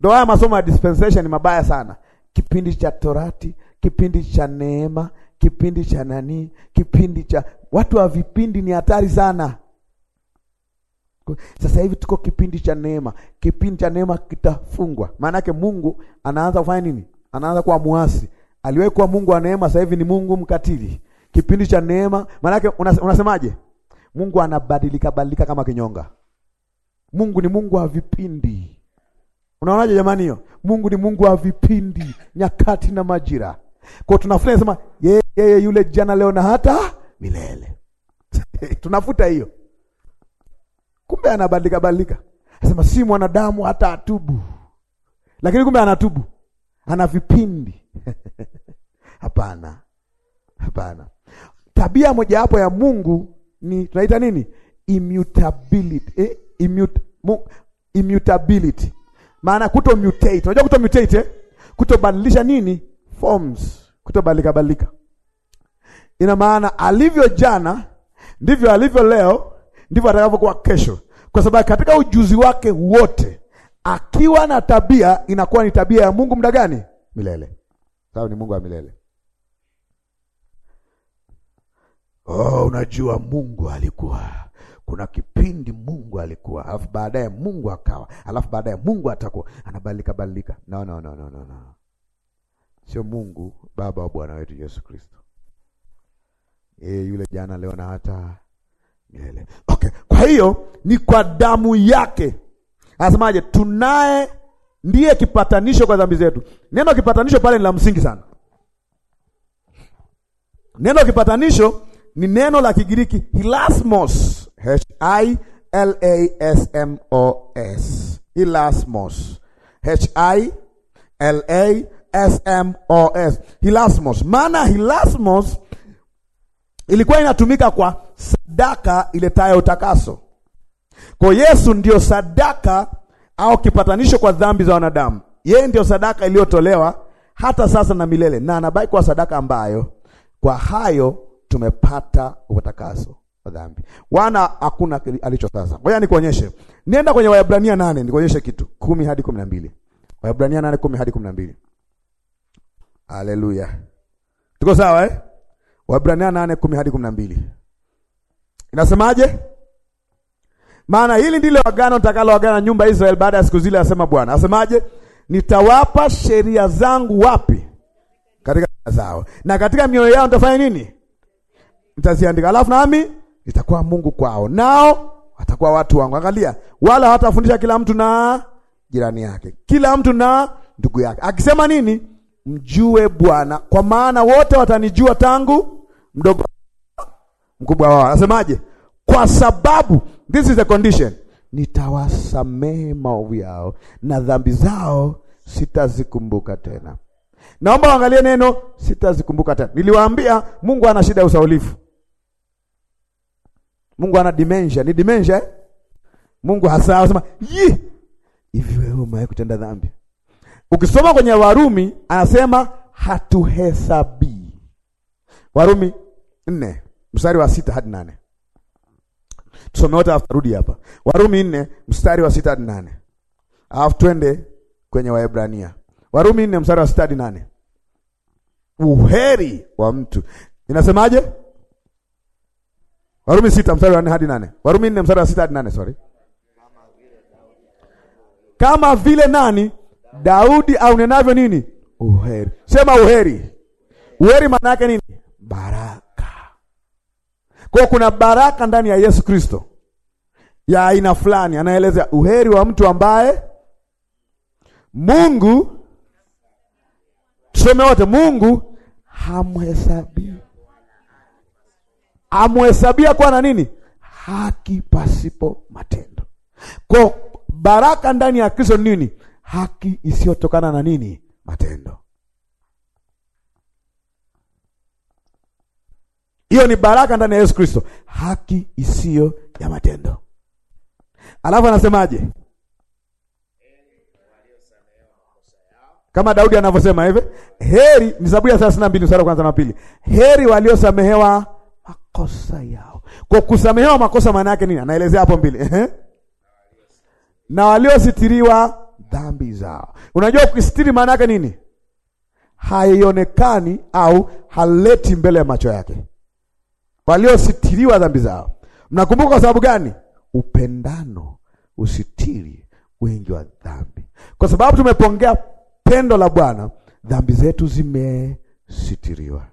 Ndio haya masomo ya dispensation ni mabaya sana. Kipindi cha Torati, kipindi cha neema, kipindi cha nani, kipindi cha watu wa vipindi ni hatari sana. Sasa hivi tuko kipindi cha neema. Kipindi cha neema kitafungwa, maana yake Mungu anaanza kufanya nini? Anaanza kuwa muasi. Aliwahi kuwa Mungu wa neema, sasa hivi ni Mungu mkatili. Kipindi cha neema, maana yake unasemaje? Mungu anabadilika badilika kama kinyonga. Mungu ni Mungu wa vipindi. Unaonaje jamani hiyo? Mungu ni Mungu wa vipindi, nyakati na majira. Kwa tunafuta sema yeye yeye yule jana leo na hata milele. Tunafuta hiyo. Kumbe anabadilika badilika. Anasema si mwanadamu hata atubu. Lakini kumbe anatubu. Ana vipindi. Hapana. Hapana. Tabia mojawapo ya Mungu ni tunaita nini? Immutability. Eh, immut, mu, immutability. Maana kuto mutate. Unajua kuto mutate eh? Kutobadilisha nini? forms, kutobalika balika. Ina maana alivyo jana ndivyo alivyo leo, ndivyo atakavyokuwa kesho, kwa sababu katika ujuzi wake wote akiwa na tabia inakuwa ni tabia ya Mungu muda gani? Milele. Sawa, ni Mungu wa milele. Oh, unajua Mungu alikuwa kuna kipindi Mungu alikuwa, alafu baadaye Mungu akawa, alafu baadaye Mungu atakuwa, anabadilika badilika. No, no, no, no, no sio Mungu Baba wa Bwana wetu Yesu Kristo. Yeye yule jana, leo na hata milele. Okay, kwa hiyo ni kwa damu yake. Anasemaje? Tunaye ndiye kipatanisho kwa dhambi zetu. Neno kipatanisho pale ni la msingi sana. Neno kipatanisho ni neno la Kigiriki hilasmos, H I L A S M O S, hilasmos, H I L A SMOS, hilasmos. Maana hilasmos ilikuwa inatumika kwa sadaka iletayo utakaso. Kwa Yesu ndiyo sadaka au kipatanisho kwa dhambi za wanadamu. Yeye ndiyo sadaka iliyotolewa hata sasa na milele, na anabaki kuwa sadaka ambayo kwa hayo tumepata utakaso wa dhambi. Wana hakuna alicho sasa. Ngoja nikuonyeshe, nienda kwenye Waebrania nane nikuonyeshe kitu kumi hadi 12. Waebrania nane kumi hadi kumi Haleluya, tuko sawa eh? Waebrania nane kumi hadi kumi na mbili inasemaje? Maana hili ndilo agano nitakaloagana nyumba Israeli baada ya siku zile, asema Bwana. Asemaje? Nitawapa sheria zangu wapi? Katika zao na katika mioyo yao nitafanya nini? Nitaziandika, alafu nami nitakuwa Mungu kwao, nao watakuwa watu wangu. Angalia, wala hatafundisha kila mtu na jirani yake, kila mtu na ndugu yake, akisema nini? mjue Bwana, kwa maana wote watanijua tangu mdogo mkubwa wao. Anasemaje? Kwa sababu this is the condition, nitawasamehe maovu yao na dhambi zao sitazikumbuka tena. Naomba waangalie neno sitazikumbuka tena. Niliwaambia Mungu ana shida ya usaulifu. Mungu ana dementia, ni dementia eh? Mungu hasa anasema, "Yi, hivi wewe umewahi kutenda dhambi?" Ukisoma kwenye Warumi anasema hatuhesabii. Warumi nne mstari wa sita hadi nane tusome wote, alafu tarudi hapa. Warumi nne mstari wa sita hadi nane alafu twende kwenye Waebrania. Warumi nne mstari wa sita hadi nane Uheri wa mtu inasemaje? Warumi sita mstari wa nne hadi nane Warumi nne mstari wa sita hadi nane sorry, kama vile nani Daudi aunenavyo nini? Uheri. Sema uheri. Uheri maana yake nini? Baraka. Kwa kuna baraka ndani ya Yesu Kristo ya aina fulani, anaeleza uheri wa mtu ambaye Mungu, tuseme wote, Mungu hamhesabi amhesabia kuwa na nini haki pasipo matendo. Kwa baraka ndani ya Kristo nini? haki isiyotokana na nini? Matendo. Hiyo ni baraka ndani ya Yesu Kristo, haki isiyo ya matendo. Alafu anasemaje? Kama Daudi anavyosema hivi, heri ni Zaburi ya 32 mstari wa kwanza na pili, heri waliosamehewa makosa yao. Kwa kusamehewa makosa maana yake nini? Anaelezea hapo mbili na waliositiriwa dhambi zao. Unajua ukistiri maana yake nini? Haionekani au haleti mbele ya macho yake waliositiriwa dhambi zao. Mnakumbuka kwa sababu gani? Upendano usitiri wingi wa dhambi. Kwa sababu tumepongea pendo la Bwana, dhambi zetu zimesitiriwa.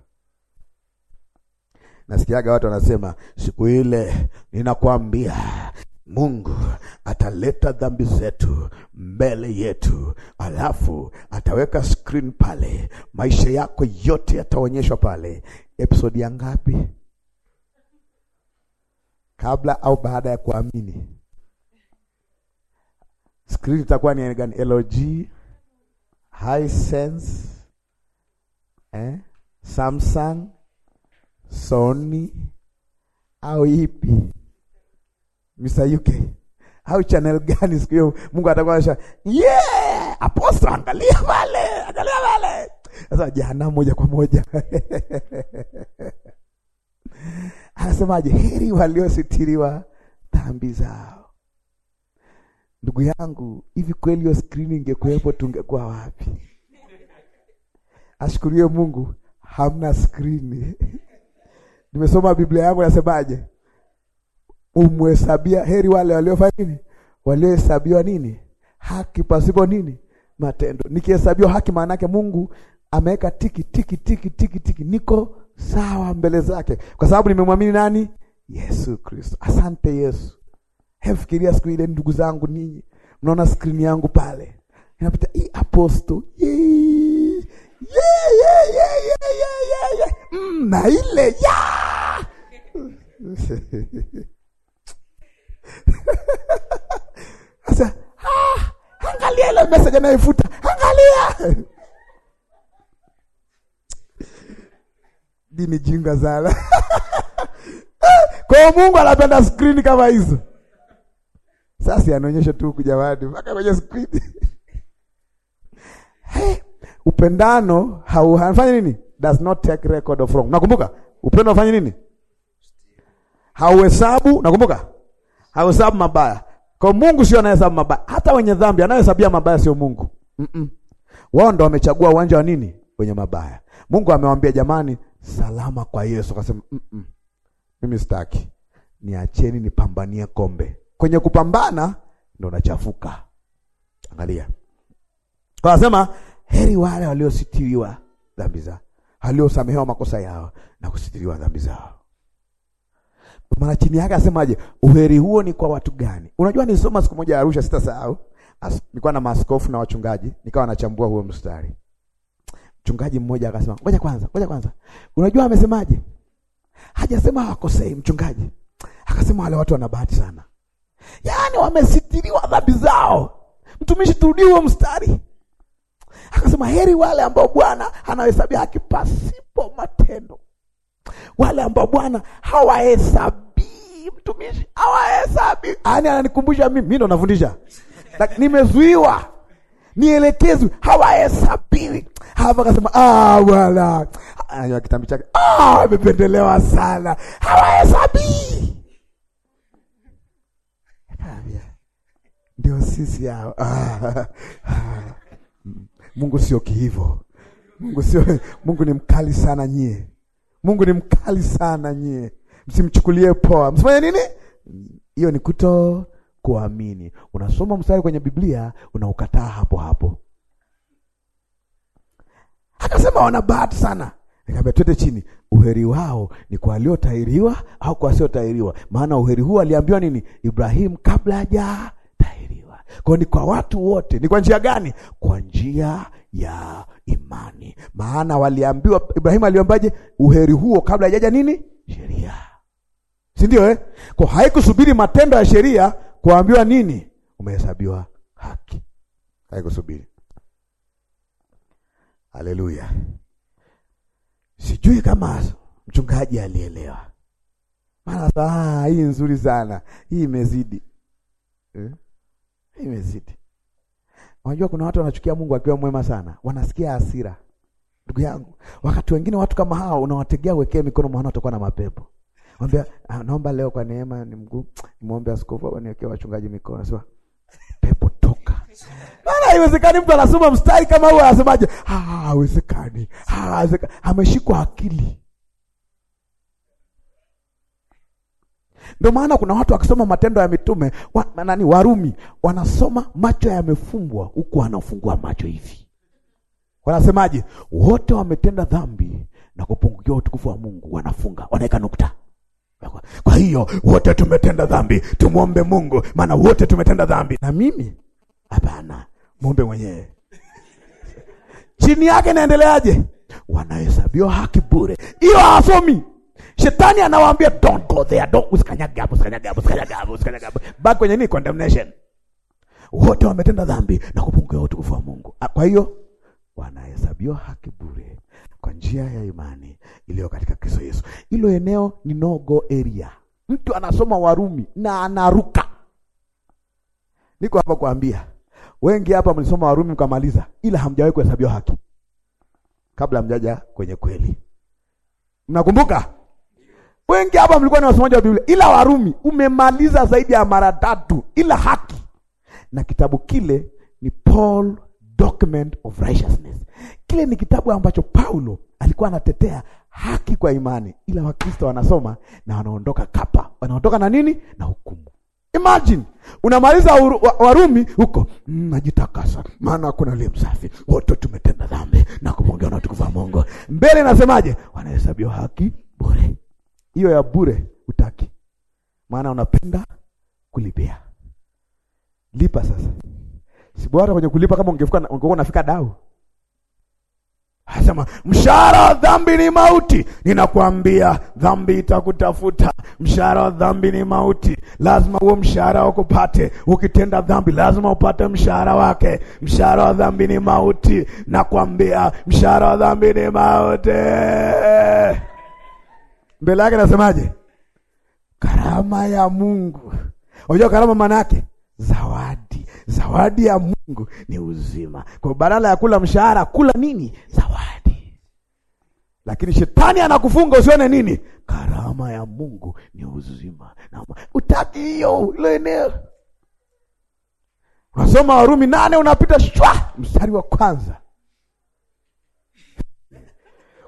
Nasikiaga watu wanasema siku ile, ninakwambia Mungu ataleta dhambi zetu mbele yetu, alafu ataweka screen pale, maisha yako yote yataonyeshwa pale. Episodi ya ngapi? Kabla au baada ya kuamini? Screen itakuwa ni gani? LG, Hisense, eh? Samsung, Sony au ipi? Mr. UK au channel gani siku hiyo Mungu atakuwa anasha yeah, apostle angalia pale, angalia pale. Sasa jana moja kwa moja anasemaje? Heri waliositiriwa dhambi zao. Ndugu yangu, hivi kweli hiyo skrini ingekuwepo tungekuwa wapi? Ashukuriwe Mungu hamna skrini. Nimesoma Biblia yangu nasemaje? umhesabia heri wale waliofanya nini, waliohesabiwa nini haki pasipo nini matendo. Nikihesabiwa haki, maana yake Mungu ameweka tiki tiki tiki tiki tiki, niko sawa mbele zake kwa sababu nimemwamini nani? Yesu Kristo. Asante Yesu. Hefikiria siku ile, ndugu zangu, ninyi mnaona skrini yangu pale inapita hii aposto mm, na ile ya Sasa ah, angalia ile message anaifuta. Angalia. Dini jinga sana. Kwa Mungu anapenda screen kama hizo. Sasa anaonyesha tu kuja mpaka kwenye screen. Hey, upendano haufanyi nini? Does not take record of wrong. Nakumbuka? Upendo haufanyi nini? Hauhesabu, nakumbuka? hahesabu mabaya. Kwa Mungu sio anayehesabu mabaya. Hata wenye dhambi anayehesabia mabaya sio Mungu. Mm -mm. Wao ndo wamechagua uwanja wa nini? Wenye mabaya. Mungu amewambia jamani, salama kwa Yesu. Akasema mm -mm. Mimi sitaki. Niacheni nipambanie kombe. Kwenye kupambana ndo nachafuka. Angalia. Kwa nasema heri wale waliositiriwa dhambi zao, waliosamehewa makosa yao na kusitiriwa dhambi zao. Ndio maana chini yake asemaje, uheri huo ni kwa watu gani? Unajua nilisoma siku moja Arusha, sitasahau. Nilikuwa na maskofu na wachungaji, nikawa nachambua huo mstari. Mchungaji mmoja akasema, ngoja kwanza, ngoja kwanza, unajua amesemaje? Hajasema hawakosei mchungaji, akasema wale watu wana bahati sana, yaani wamesitiriwa dhambi zao. Mtumishi, turudie huo mstari. Akasema heri wale ambao Bwana anahesabia haki pasipo matendo wale ambao Bwana hawahesabii mtumishi, hawahesabii. Yaani ananikumbusha mimi, mimi ndo nafundisha lakini nimezuiwa nielekezwe, hawahesabiwi. Hapa akasema ah, Bwana anajua ah, kitambi chake, amependelewa ah, sana, hawahesabii ndio sisi hao. Mungu sio kihivo Mungu sio, Mungu ni mkali sana nyie. Mungu ni mkali sana nyie, msimchukulie poa. Msifanye nini? Hiyo ni kuto kuamini. Unasoma mstari kwenye Biblia unaukataa hapo hapo. Akasema wana bahati sana. Nikamwambia twende chini. Uheri wao ni kwa waliotahiriwa au kwa wasiotahiriwa? Maana uheri huu aliambiwa nini? Ibrahimu kabla haja tahiriwa. Kwa ni kwa watu wote. Ni kwa njia gani? Kwa njia ya imani. Maana waliambiwa, Ibrahimu aliombaje? Uheri huo kabla hajaja nini? Sheria, si ndio eh? Kwa haikusubiri matendo ya sheria kuambiwa nini, umehesabiwa haki. Haikusubiri. Haleluya! Sijui kama mchungaji alielewa, maana saa hii nzuri sana hii imezidi eh? imezidi. Unajua kuna watu wanachukia Mungu akiwa mwema sana, wanasikia hasira. Ndugu yangu, wakati wengine watu kama hao unawategea uwekee mikono, maana watakuwa na mapepo. Mwambia ah, naomba leo kwa neema ni mguu, muombe askofu aniwekee wachungaji mikono, sio pepo toka. Maana haiwezekani mtu anasoma mstari kama huo anasemaje? Ah, haiwezekani. Ah, ameshikwa akili. Ndio maana kuna watu wakisoma matendo ya mitume wa, nani Warumi wanasoma macho yamefumbwa, huku wanafungua macho hivi. Wanasemaje? wote wametenda dhambi na kupungukiwa utukufu wa Mungu, wanafunga, wanaweka nukta. Kwa hiyo wote tumetenda dhambi, tumwombe Mungu, maana wote tumetenda dhambi. Na mimi hapana, mwombe mwenyewe chini yake inaendeleaje? Wanahesabiwa haki bure, hiyo hawasomi Shetani anawaambia don't go there, don't usikanyage hapo, usikanyage hapo, usikanyage hapo, usikanyage hapo. Back kwenye ni condemnation. Wote wametenda dhambi na kupungua utukufu wa Mungu. Ah, kwa hiyo wanahesabiwa haki bure kwa njia ya imani iliyo katika Kristo Yesu. Hilo eneo ni no go area. Mtu anasoma Warumi na anaruka. Niko hapa kuambia wengi hapa mlisoma Warumi mkamaliza, ila hamjawahi kuhesabiwa haki kabla mjaja kwenye kweli. Mnakumbuka? Wengi hapa mlikuwa ni wasomaji wa Biblia, ila Warumi umemaliza zaidi ya mara tatu, ila haki na kitabu kile ni Paul Document of Righteousness. Kile ni kitabu ambacho Paulo alikuwa anatetea haki kwa imani, ila Wakristo wanasoma na wanaondoka kapa, wanaondoka na nini? Na hukumu. Imagine unamaliza uru, Warumi huko, mm, najitakasa maana hakuna aliye msafi, wote tumetenda dhambi na kumwongea na utukufu wa Mungu. Mbele nasemaje? Wanahesabiwa haki bure hiyo ya bure utaki, maana unapenda kulipia. Lipa sasa, si bora kwenye kulipa? Kama ungefika ungekuwa unafika dau Asema mshahara wa dhambi ni mauti. Ninakwambia dhambi itakutafuta, mshahara wa dhambi ni mauti. Lazima huo mshahara ukupate. Ukitenda dhambi, lazima upate mshahara wake. Mshahara wa dhambi ni mauti, nakwambia mshahara wa dhambi ni mauti mbele yake nasemaje? Karama ya Mungu. Unajua karama maana yake zawadi. Zawadi ya Mungu ni uzima. Kwa badala ya kula mshahara, kula nini? Zawadi. Lakini shetani anakufunga usione nini? Karama ya Mungu ni uzima. Na utaki hiyo ile eneo. Unasoma Warumi nane unapita shwa mstari wa kwanza.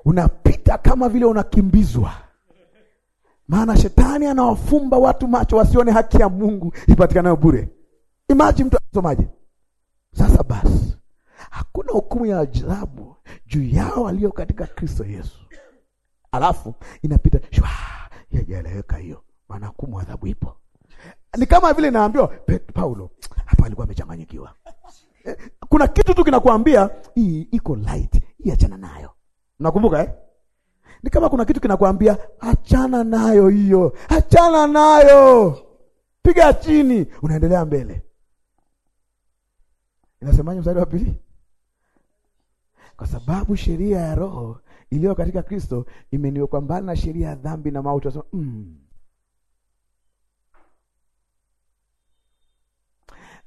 Unapita kama vile unakimbizwa maana shetani anawafumba watu macho wasione haki ya Mungu ipatikanayo bure. Imagine mtu asomaje? Sasa basi hakuna hukumu ya ajabu juu yao walio katika Kristo Yesu. Alafu inapita shwa, yajaeleweka hiyo, maana hukumu adhabu ipo. Ni kama vile naambiwa Paulo hapa alikuwa amechanganyikiwa. Eh, kuna kitu tu kinakuambia hii iko light, hii achana nayo. Nakumbuka eh? Ni kama kuna kitu kinakwambia achana nayo hiyo, achana nayo, piga chini, unaendelea mbele. Inasemaje mstari wa pili? Kwa sababu sheria ya roho iliyo katika Kristo imeniwekwa mbali na sheria ya dhambi na mauti. Wasema mm.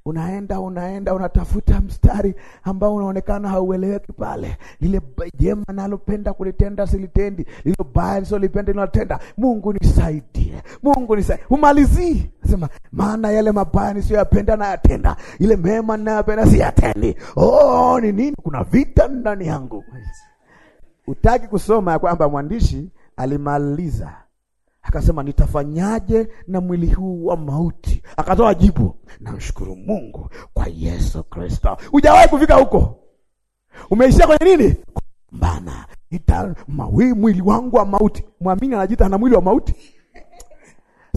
unaenda unaenda unatafuta mstari ambao unaonekana haueleweki pale. Lile jema nalopenda kulitenda silitendi, lilo baya lisolipenda linatenda. Mungu nisaidie, Mungu nisaidie. Umalizii sema, maana yale mabaya nisiyoyapenda nayatenda, ile mema ninayopenda siyatendi. Oh, ni nini? Kuna vita ndani yangu. Utaki kusoma ya kwamba mwandishi alimaliza Akasema, nitafanyaje na mwili huu wa mauti? Akatoa jibu, namshukuru Mungu kwa Yesu Kristo. Hujawahi kufika huko, umeishia kwenye nini? Mbana ita mawi mwili wangu wa mauti. Mwamini anajiita ana mwili wa mauti,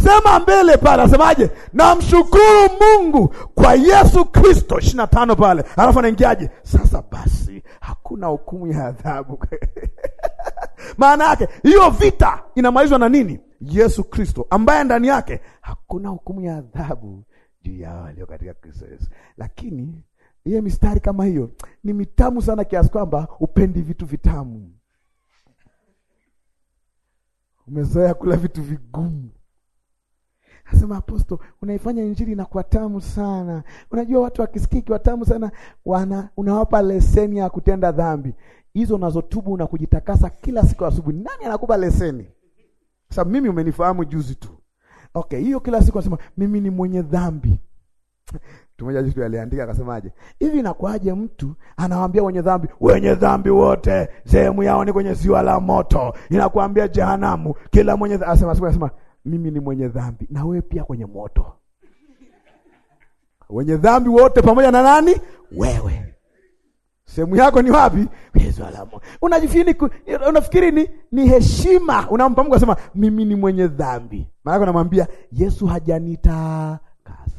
sema mbele pale, asemaje? Namshukuru Mungu kwa Yesu Kristo, ishirini na tano pale, alafu anaingiaje? Sasa basi hakuna hukumu ya adhabu maana yake hiyo vita inamalizwa na nini? Yesu Kristo, ambaye ndani yake hakuna hukumu ya adhabu juu ya walio katika Kristo Yesu. Lakini ile mistari kama hiyo ni mitamu sana kiasi kwamba upendi vitu vitamu, umezoea kula vitu vigumu. Asema Aposto, unaifanya injili inakuwa tamu sana. Unajua watu wakisikiki ikiwa tamu sana wana, unawapa leseni ya kutenda dhambi hizo unazotubu na kujitakasa kila siku asubuhi. Nani anakupa leseni? sababu mimi umenifahamu juzi tu. Okay, hiyo kila siku anasema mimi ni mwenye dhambi. Tumoja juzi aliandika akasemaje? Hivi inakuwaje mtu anawaambia wenye dhambi, wenye dhambi wote sehemu yao ni kwenye ziwa la moto. Inakuambia jehanamu, kila mwenye asema asema mimi ni mwenye dhambi na wewe pia kwenye moto. Wenye dhambi wote pamoja na nani? Wewe sehemu yako ni wapi? Yesu alamo. unafikiri ni, ni heshima unampa Mungu asema mimi ni mwenye dhambi. Maana namwambia Yesu hajanitakasa.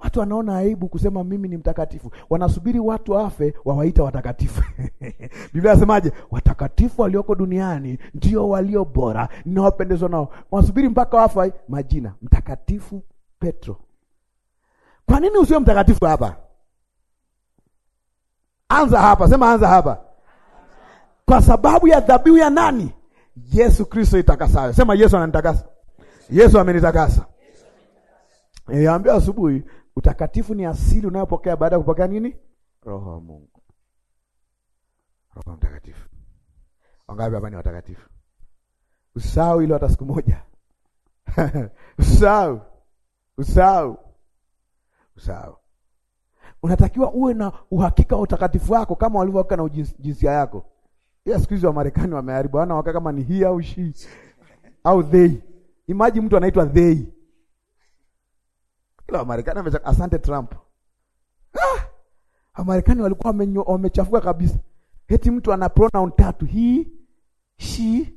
Watu wanaona aibu kusema mimi ni mtakatifu. Wanasubiri watu afe wawaita watakatifu. Biblia inasemaje? Watakatifu walioko duniani ndio walio bora, ninawapendezwa nao. Wanasubiri mpaka wafa majina. Mtakatifu Petro. Kwa nini usiwe mtakatifu hapa? Anza hapa, sema anza hapa, kwa sababu ya dhabihu ya nani? Yesu Kristo itakasayo. Sema Yesu ananitakasa, Yesu amenitakasa. Niliambia asubuhi, utakatifu ni asili unayopokea baada ya kupokea nini? Roho wa Mungu, Roho Mtakatifu. Wangapi hapa ni watakatifu? Usahau ile hata siku moja. Usahau, usahau, usahau. Unatakiwa uwe na uhakika wa utakatifu wako kama walivyohakika na jinsia yako. Yes, siku hizi Wamarekani wameharibu, wana waka kama ni he au she au they. Imagine mtu anaitwa they. Ila Wamarekani wamesema asante Trump. Ah! Wamarekani walikuwa wamechafuka kabisa. Heti mtu ana pronoun tatu, he, she,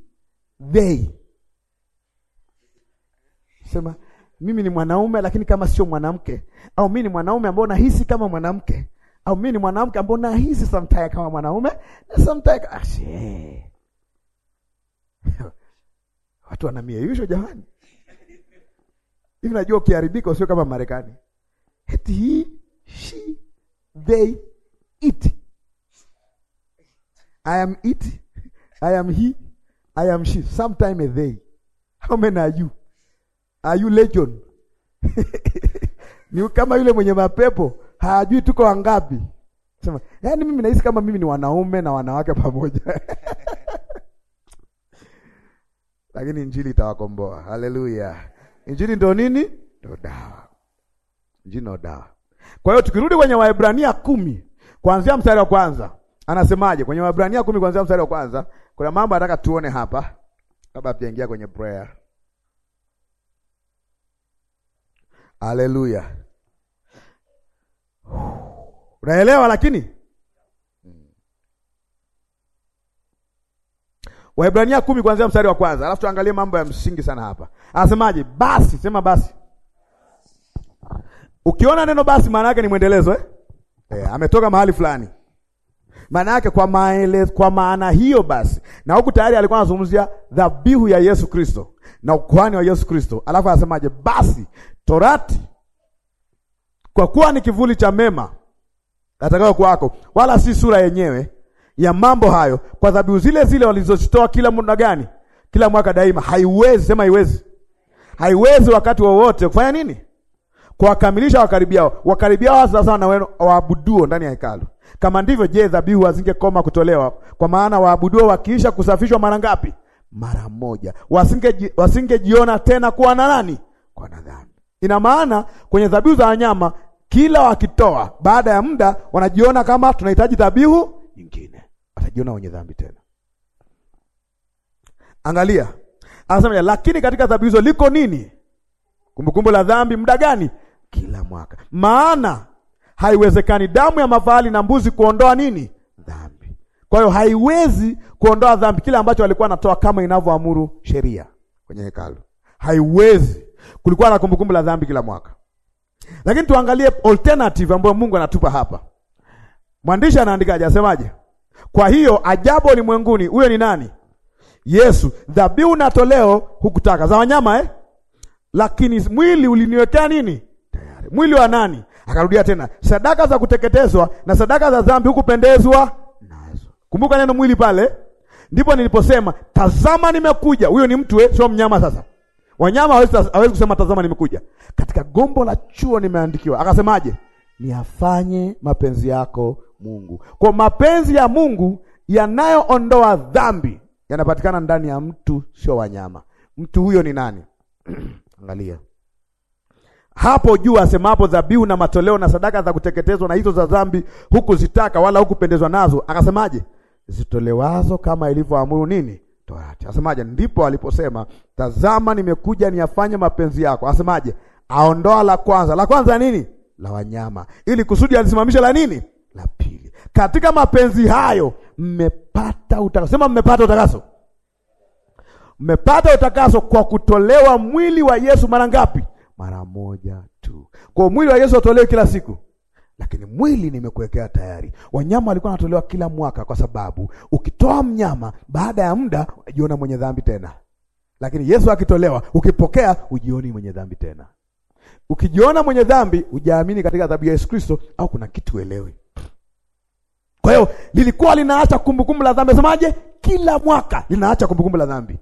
they. Sema mimi ni mwanaume lakini kama sio mwanamke, au mimi ni mwanaume ambaye nahisi kama mwanamke, au mimi ni mwanamke ambaye nahisi sometimes kama mwanaume na sometimes ashe. Ah, Watu wana mieyusho jamani, hivi najua ukiharibika sio kama Marekani, eti he she they it I am it I am he I am she sometimes they how many are you Are you legion? ni kama yule mwenye mapepo hajui tuko wangapi. Sema, yaani mimi nahisi kama mimi ni wanaume na wanawake pamoja. Lakini injili itawakomboa. Haleluya. Injili ndo nini? Ndo dawa. Injili ndo dawa. Kwa hiyo tukirudi kwenye Waebrania kumi kuanzia mstari wa kwanza anasemaje? Kwenye Waebrania kumi kuanzia mstari wa kwanza kuna mambo anataka tuone hapa kabla tujaingia kwenye prayer. Haleluya, unaelewa? Lakini Waebrania kumi kuanzia mstari wa kwanza, alafu tuangalie mambo ya msingi sana hapa. Anasemaje? Basi sema basi. Ukiona neno basi, maana yake ni mwendelezo eh? Eh, ametoka mahali fulani maana yake kwa maana kwa maana hiyo basi, na huku tayari alikuwa anazungumzia dhabihu ya Yesu Kristo na ukuhani wa Yesu Kristo. Alafu anasemaje? Basi torati kwa kuwa ni kivuli cha mema atakayo kwako, wala si sura yenyewe ya mambo hayo, kwa dhabihu zile zile walizozitoa kila muda gani? Kila mwaka daima. Haiwezi sema, haiwezi, haiwezi wakati wowote kufanya nini? Kuwakamilisha wakaribiao, wakaribiao hasa sana na wenu waabuduo ndani ya hekalu. Kama ndivyo, je, dhabihu hazingekoma kutolewa? Kwa maana waabuduo wakiisha kusafishwa mara ngapi? mara moja, wasingejiona wasinge tena kuwa na nani, kwa na dhambi. Ina maana kwenye dhabihu za wanyama kila wakitoa baada ya muda wanajiona kama tunahitaji dhabihu nyingine, watajiona wenye dhambi tena. Angalia anasema, lakini katika dhabihu hizo liko nini? Kumbukumbu la dhambi. Muda gani? Kila mwaka. Maana haiwezekani damu ya mafahali na mbuzi kuondoa nini? Dhambi. Kwa hiyo haiwezi kuondoa dhambi, kile ambacho walikuwa wanatoa kama inavyoamuru sheria kwenye hekalu, haiwezi. Kulikuwa na kumbukumbu la dhambi kila mwaka, lakini tuangalie alternative ambayo Mungu anatupa hapa. Mwandishi anaandika ajasemaje? Kwa hiyo ajabu ulimwenguni, huyo ni nani? Yesu, dhabihu na toleo hukutaka za wanyama eh? Lakini mwili uliniwekea nini? Tayari mwili wa nani? Akarudia tena, sadaka za kuteketezwa na sadaka za dhambi hukupendezwa Kumbuka neno mwili pale, ndipo niliposema tazama nimekuja. Huyo ni mtu eh, sio mnyama. Sasa wanyama hawezi kusema tazama nimekuja. Katika gombo la chuo nimeandikiwa, akasemaje? Niafanye mapenzi yako Mungu. Kwa mapenzi ya Mungu yanayoondoa dhambi yanapatikana ndani ya mtu, sio wanyama. Mtu huyo ni nani? Angalia hapo juu asemapo, dhabihu na matoleo na sadaka za kuteketezwa na hizo za dhambi hukuzitaka wala hukupendezwa nazo. Akasemaje? zitolewazo kama ilivyoamuru nini Torati. Asemaje? Ndipo aliposema tazama, nimekuja niyafanye mapenzi yako. Asemaje? Aondoa la kwanza. La kwanza nini? La wanyama, ili kusudi alisimamisha la nini? La pili. Katika mapenzi hayo mmepata utakaso. Sema mmepata utakaso. Mmepata utakaso kwa kutolewa mwili wa Yesu mara ngapi? Mara moja tu. Kwa mwili wa Yesu atolewe kila siku lakini mwili nimekuwekea tayari. Wanyama walikuwa wanatolewa kila mwaka, kwa sababu ukitoa mnyama baada ya muda ujiona mwenye dhambi tena, lakini Yesu akitolewa, ukipokea ujioni mwenye dhambi tena. Ukijiona mwenye dhambi, ujaamini katika adhabu ya Yesu Kristo, au kuna kitu uelewi. Kwa hiyo lilikuwa linaacha kumbukumbu la dhambi, semaje? Kila mwaka linaacha kumbukumbu la dhambi.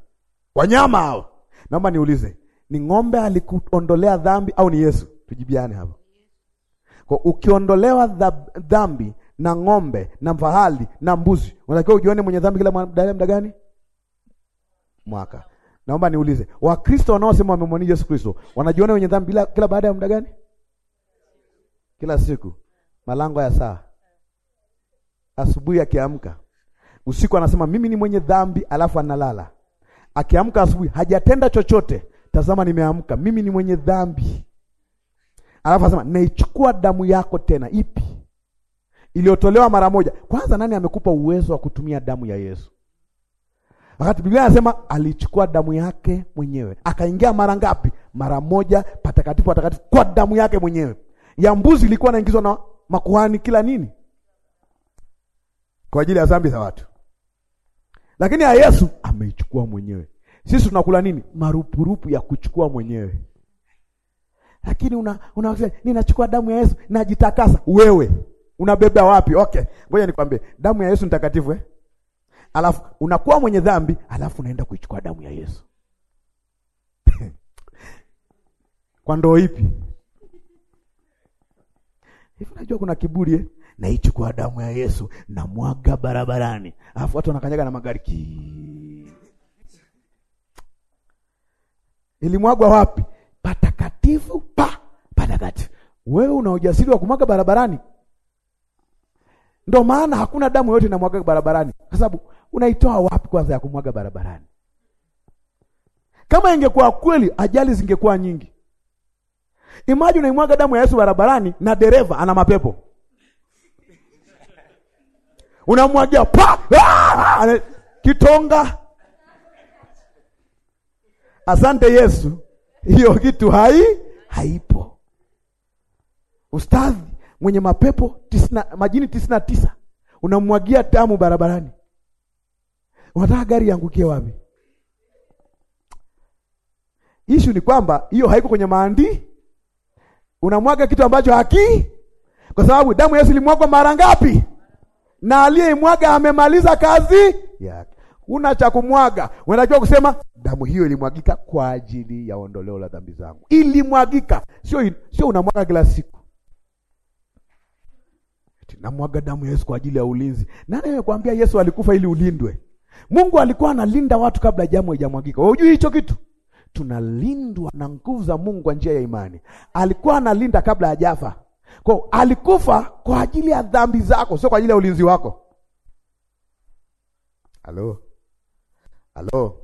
Wanyama hao, naomba niulize, ni ng'ombe alikuondolea dhambi au ni Yesu? Tujibiane hapo. Kwa ukiondolewa dhambi na ng'ombe na mfahali na mbuzi, unatakiwa ujione mwenye dhambi kila muda gani? Mwaka. Naomba niulize, Wakristo wanaosema wamemwamini Yesu Kristo wanajiona wenye dhambi kila baada ya muda gani? Kila siku, malango ya saa, asubuhi akiamka, usiku anasema mimi ni mwenye dhambi, alafu analala. Akiamka asubuhi hajatenda chochote, tazama, nimeamka, mimi ni mwenye dhambi alafu anasema naichukua damu yako tena. Ipi? Iliyotolewa mara moja. Kwanza, nani amekupa uwezo wa kutumia damu ya Yesu? Wakati Biblia anasema alichukua damu yake mwenyewe, akaingia mara ngapi? Mara moja patakatifu patakatifu kwa damu yake mwenyewe. Ya mbuzi ilikuwa inaingizwa na makuhani kila nini, kwa ajili ya dhambi za watu, lakini ya Yesu ameichukua mwenyewe. Sisi tunakula nini? Marupurupu ya kuchukua mwenyewe lakini una una ninachukua damu ya Yesu najitakasa. Wewe unabeba wapi? Okay, ngoja nikwambie, damu ya Yesu ni takatifu eh? Alafu unakuwa mwenye dhambi, alafu unaenda kuichukua damu ya Yesu kwa ndoo ipi? Hivi Najua kuna kiburi eh? Naichukua damu ya Yesu na mwaga barabarani, alafu watu wanakanyaga na magari ki ilimwagwa wapi? patakatifu pa patakatifu. Wewe una ujasiri wa kumwaga barabarani? Ndio maana hakuna damu yoyote inamwaga barabarani, kwa sababu unaitoa wapi kwanza ya kumwaga barabarani? Kama ingekuwa kweli, ajali zingekuwa nyingi. Imagine unaimwaga damu ya Yesu barabarani na dereva ana mapepo, unamwagia pa ah, kitonga. Asante Yesu hiyo kitu hai haipo. Ustadhi mwenye mapepo tisina, majini tisini na tisa unamwagia damu barabarani, unataka gari iangukie wapi? Ishu ni kwamba hiyo haiko kwenye maandi Unamwaga kitu ambacho haki, kwa sababu damu Yesu ilimwagwa mara ngapi, na aliyemwaga amemaliza kazi yake. Una cha kumwaga, unatakiwa kusema damu hiyo ilimwagika kwa ajili ya ondoleo la dhambi zangu. Ilimwagika, sio sio unamwaga kila siku. Namwaga damu ya Yesu kwa ajili ya ulinzi. Nani amekwambia Yesu alikufa ili ulindwe? Mungu alikuwa analinda watu kabla jamu haijamwagika. Wewe hujui hicho kitu? Tunalindwa na nguvu za Mungu kwa njia ya imani. Alikuwa analinda kabla hajafa. Kwa alikufa kwa ajili ya dhambi zako, sio kwa ajili ya ulinzi wako. Halo. Halo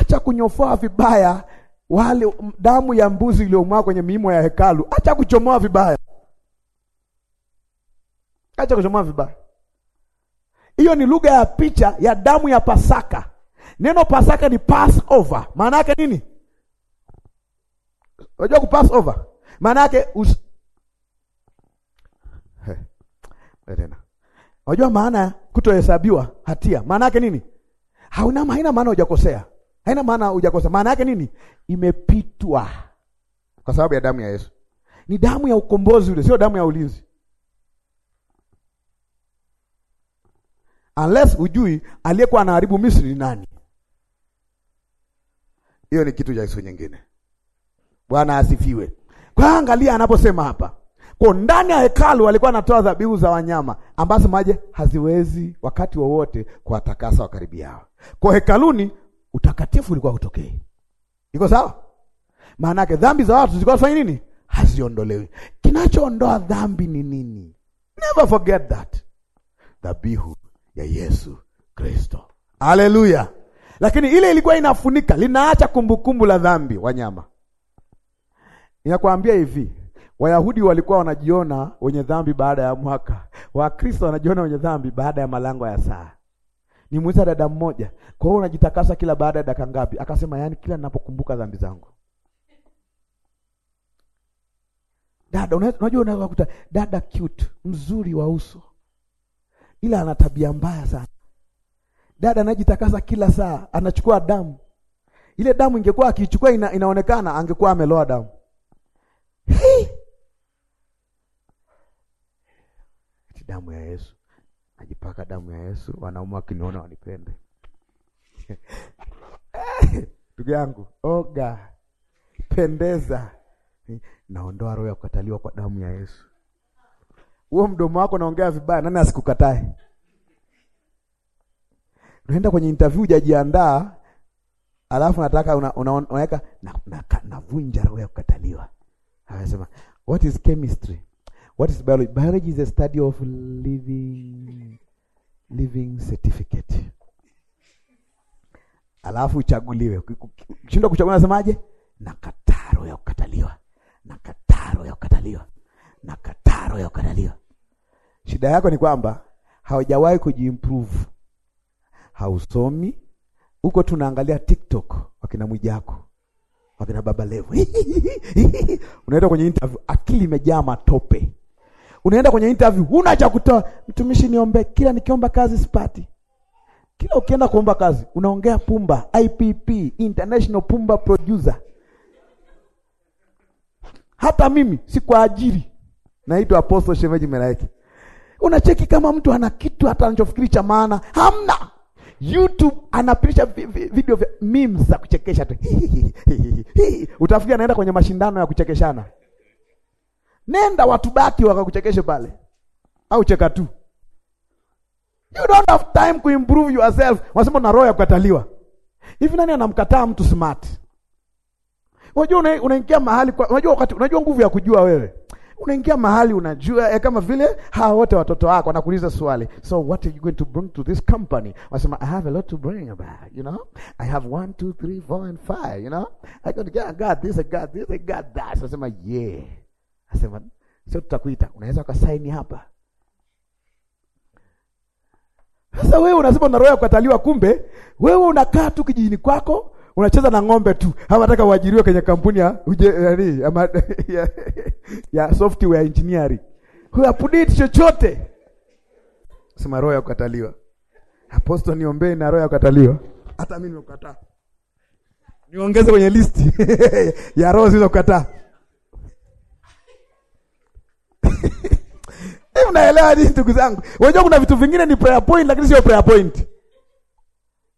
acha kunyofoa vibaya wale damu ya mbuzi iliyomwagwa kwenye miimo ya hekalu, acha kuchomoa vibaya, acha kuchomoa vibaya. Hiyo ni lugha ya picha ya damu ya Pasaka. Neno Pasaka ni Passover, maana yake nini? Unajua ku Passover maana yake us... unajua maana kutohesabiwa hatia maana yake nini? Hauna, haina maana hujakosea haina maana hujakosa. Maana yake nini? Imepitwa kwa sababu ya damu ya Yesu. Ni damu ya ukombozi ule, sio damu ya ulinzi. Unless hujui aliyekuwa anaharibu Misri ni nani. Hiyo ni kitu cha Yesu nyingine. Bwana asifiwe. Kwa angalia anaposema hapa. Kwa ndani ya hekalu walikuwa wanatoa dhabihu za wanyama ambazo maji haziwezi wakati wowote kuwatakasa wa karibu Kwa hekaluni utakatifu ulikuwa utokee. Iko sawa? Maana yake dhambi za watu zilikuwa zifanya nini? Haziondolewi. Kinachoondoa dhambi ni nini? Never forget that. Dhabihu ya Yesu Kristo. Haleluya! Lakini ile ilikuwa inafunika, linaacha kumbukumbu la dhambi wanyama. Ninakwambia hivi, Wayahudi walikuwa wanajiona wenye dhambi baada ya mwaka, Wakristo wanajiona wenye dhambi baada ya malango ya saa. Nimuuliza dada mmoja, kwa hiyo unajitakasa kila baada ya dakika ngapi? Akasema yaani kila ninapokumbuka dhambi zangu. Dada unajua, unaweza kukuta dada cute, mzuri wa uso, ila ana tabia mbaya sana. Dada anajitakasa kila saa, anachukua damu. Ile damu ingekuwa akiichukua ina, inaonekana angekuwa ameloa damu. Hey! Damu ya Yesu Najipaka damu ya Yesu, wanaume wakiniona wanipende. Ndugu yangu, oga, pendeza, naondoa roho ya kukataliwa kwa damu ya Yesu. Huo mdomo wako naongea vibaya, nani asikukatae? Unaenda kwenye interview hujajiandaa, alafu nataka unaweka una, una, una, navunja na, na roho ya kukataliwa. Anasema, what is chemistry? What is biology? Biology is a study of living living certificate, alafu uchaguliwe. Ukishindwa kuchagua nasemaje? na kataro ya kukataliwa, na kataro ya kukataliwa, na kataro ya kukataliwa. Shida yako ni kwamba haujawahi kujiimprove, hausomi, huko tunaangalia TikTok wakina Mwijako wakina Baba Levo unaenda kwenye interview, akili imejaa matope Unaenda kwenye interview, huna cha kutoa. Mtumishi, niombe. Kila nikiomba kazi sipati. Kila ukienda kuomba kazi unaongea pumba. IPP, International Pumba Producer. Hata mimi si kwa ajili naitwa Apostle Shemeji Melaiki. Unacheki kama mtu ana kitu hata anachofikiri cha maana hamna. YouTube anapitisha video vya memes za kuchekesha tu. Utafikia anaenda kwenye mashindano ya kuchekeshana. Nenda watu baki wakakuchekeshe pale, au cheka tu. You don't have time to improve yourself. Wasema na roho ya kukataliwa hivi. Nani anamkataa mtu smart? Unajua unaingia mahali kwa, unajua wakati unajua nguvu ya kujua wewe unaingia mahali unajua eh, kama vile hawa wote watoto wako wanakuuliza swali, so what are you going to bring to this company? Wasema I have a lot to bring about, you know I have 1 2 3 4 and 5, you know I got, to get I got this I got this I got that. Wasema yeah Asema sio, tutakuita, unaweza ukasaini hapa. Sasa wewe unasema una roho ya kukataliwa, kumbe wewe unakaa tu kijijini kwako unacheza na ng'ombe tu, hama nataka uajiriwe kwenye kampuni ya uje, yaani eh, ama ya, ya ya, software engineering, Huyo apudite chochote. Sema roho ya kukataliwa, Apostol, niombee na roho ya kukataliwa. Hata mimi nimekataa, niongeze kwenye listi ya roho zilizokataa. Hebu eh, naelewa nini ndugu zangu? Unajua kuna vitu vingine ni prayer point lakini sio prayer point.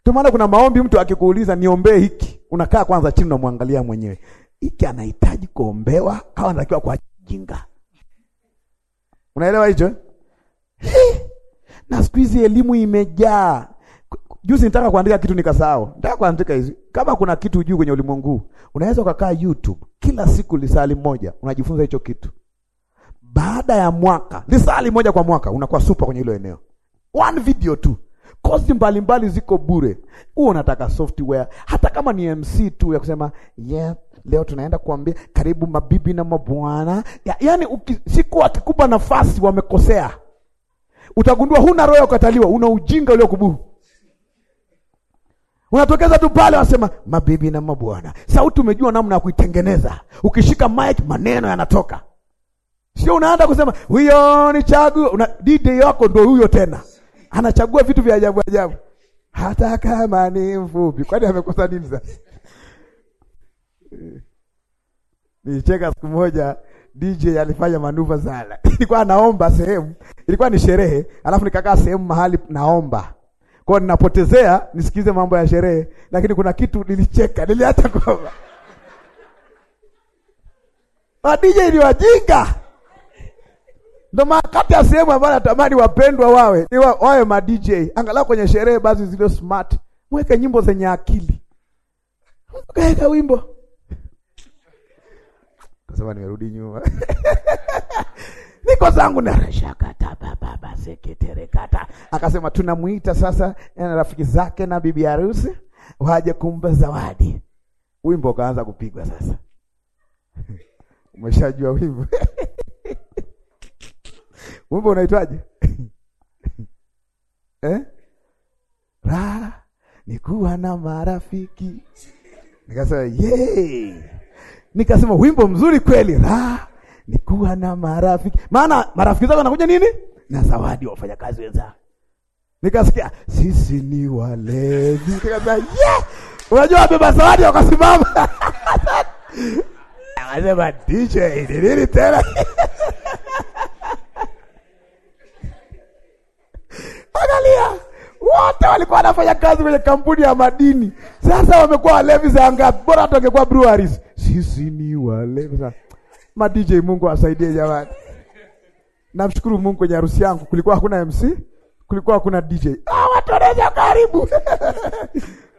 Ndio maana kuna maombi mtu akikuuliza niombee hiki, unakaa kwanza chini unamwangalia mwenyewe. Hiki anahitaji kuombewa au anatakiwa kwa jinga? Unaelewa hicho? Na siku hizi elimu imejaa. Juzi nitaka kuandika kitu nikasahau. Nitaka kuandika hizi. Kama kuna kitu juu kwenye ulimwengu, unaweza ukakaa YouTube kila siku lisali moja, unajifunza hicho kitu baada ya mwaka, ni sali moja kwa mwaka unakuwa super kwenye hilo eneo, one video tu. Kozi mbalimbali ziko bure. Huo unataka software, hata kama ni MC tu ya kusema yeah, leo tunaenda kuambia karibu mabibi na mabwana ya, yani siku akikupa nafasi wamekosea, utagundua huna roho ya kukataliwa, una ujinga ule uliokubuhu unatokeza tu pale, wasema mabibi na mabwana. Sauti umejua namna ya kuitengeneza, ukishika mic maneno yanatoka. Sio unaanza kusema huyo ni chagu una dide yako ndio huyo tena. Anachagua vitu vya ajabu ajabu. Hata kama ni mfupi. Kwani amekosa nini sasa? Nilicheka siku moja DJ alifanya manuva zala. Ilikuwa anaomba sehemu. Ilikuwa ni sherehe, alafu nikakaa sehemu mahali naomba. Kwa ninapotezea nisikize mambo ya sherehe, lakini kuna kitu nilicheka, niliacha kwa. Ma ah, DJ ni wajinga. Ndio maana kati ya sehemu ambayo natamani wapendwa wawe ni wawe ma DJ. Angalau kwenye sherehe basi zile smart, mweke nyimbo zenye akili. Kaeka wimbo. Kasema nimerudi nyuma. Niko zangu na rashaka taba baba seketere kata, Akasema tunamuita sasa na eh, rafiki zake na bibi harusi waje kumpa zawadi. Wimbo kaanza kupigwa sasa. Umeshajua wimbo. Wimbo unaitwaje? eh? Raha ni kuwa na marafiki. Nikasema yey, nikasema wimbo mzuri kweli. Raha ni kuwa na marafiki, maana marafiki zako wanakuja nini na zawadi, wafanya kazi wenza. Nikasikia sisi ni walevi, nikasema yeah! Unajua wabeba zawadi wakasimama, anasema DJ ni nini tena? angalia, wote walikuwa wanafanya kazi kwenye kampuni ya madini, sasa wamekuwa walevi za ngapi? Bora hata wangekuwa breweries. Sisi ni walevi za Ma DJ, Mungu asaidie jamani. Namshukuru Mungu kwenye harusi yangu kulikuwa hakuna MC, kulikuwa hakuna DJ. Ah, watu wanaweza karibu.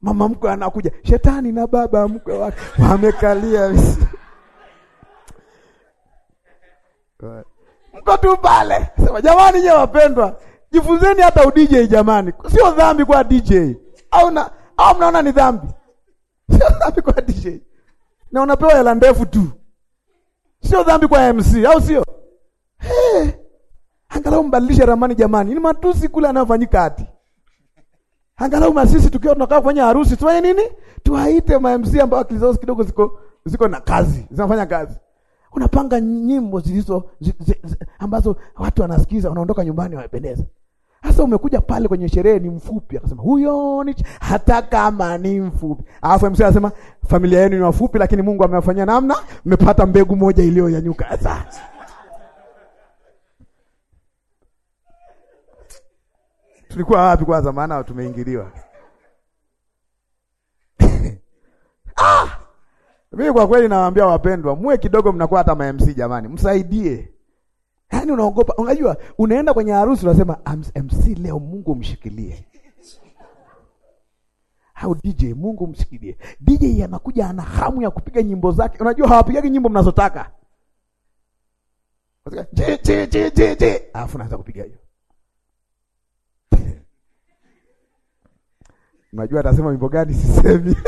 Mama mkwe anakuja, shetani na baba mkwe wake wamekalia. mko tu pale, sema jamani, nyewe wapendwa, jifunzeni hata udj jamani, sio dhambi kwa DJ au na au mnaona ni dhambi? Sio dhambi kwa DJ na unapewa hela ndefu tu, sio dhambi kwa MC au sio? Hey, angalau mbadilishe ramani jamani, ni matusi kule anayofanyika hati angalau sisi tukiwa tunakaa kufanya harusi tufanye nini? Tuwaite ma MC ambao akili zao kidogo ziko ziko na kazi zinafanya kazi unapanga nyimbo zilizo ambazo watu wanasikiza, wanaondoka nyumbani wamependeza. Sasa umekuja pale kwenye sherehe ni mfupi, akasema huyo ni hata kama ni mfupi. Alafu MC anasema familia yenu ni wafupi, lakini Mungu amewafanyia namna, mmepata mbegu moja iliyoyanyuka. Sasa tulikuwa wapi kwanza? Maana tumeingiliwa ah! Mimi kwa kweli nawaambia wapendwa, muwe kidogo mnakuwa hata ma-MC jamani, msaidie. Yaani unaogopa, unajua unaenda kwenye harusi unasema MC leo Mungu umshikilie. Au DJ Mungu umshikilie. DJ anakuja ana hamu ya kupiga nyimbo zake. Unajua hawapigagi nyimbo mnazotaka. Je, je, je, je, je. Alafu naanza kupiga hiyo. Unajua atasema wimbo gani sisemi.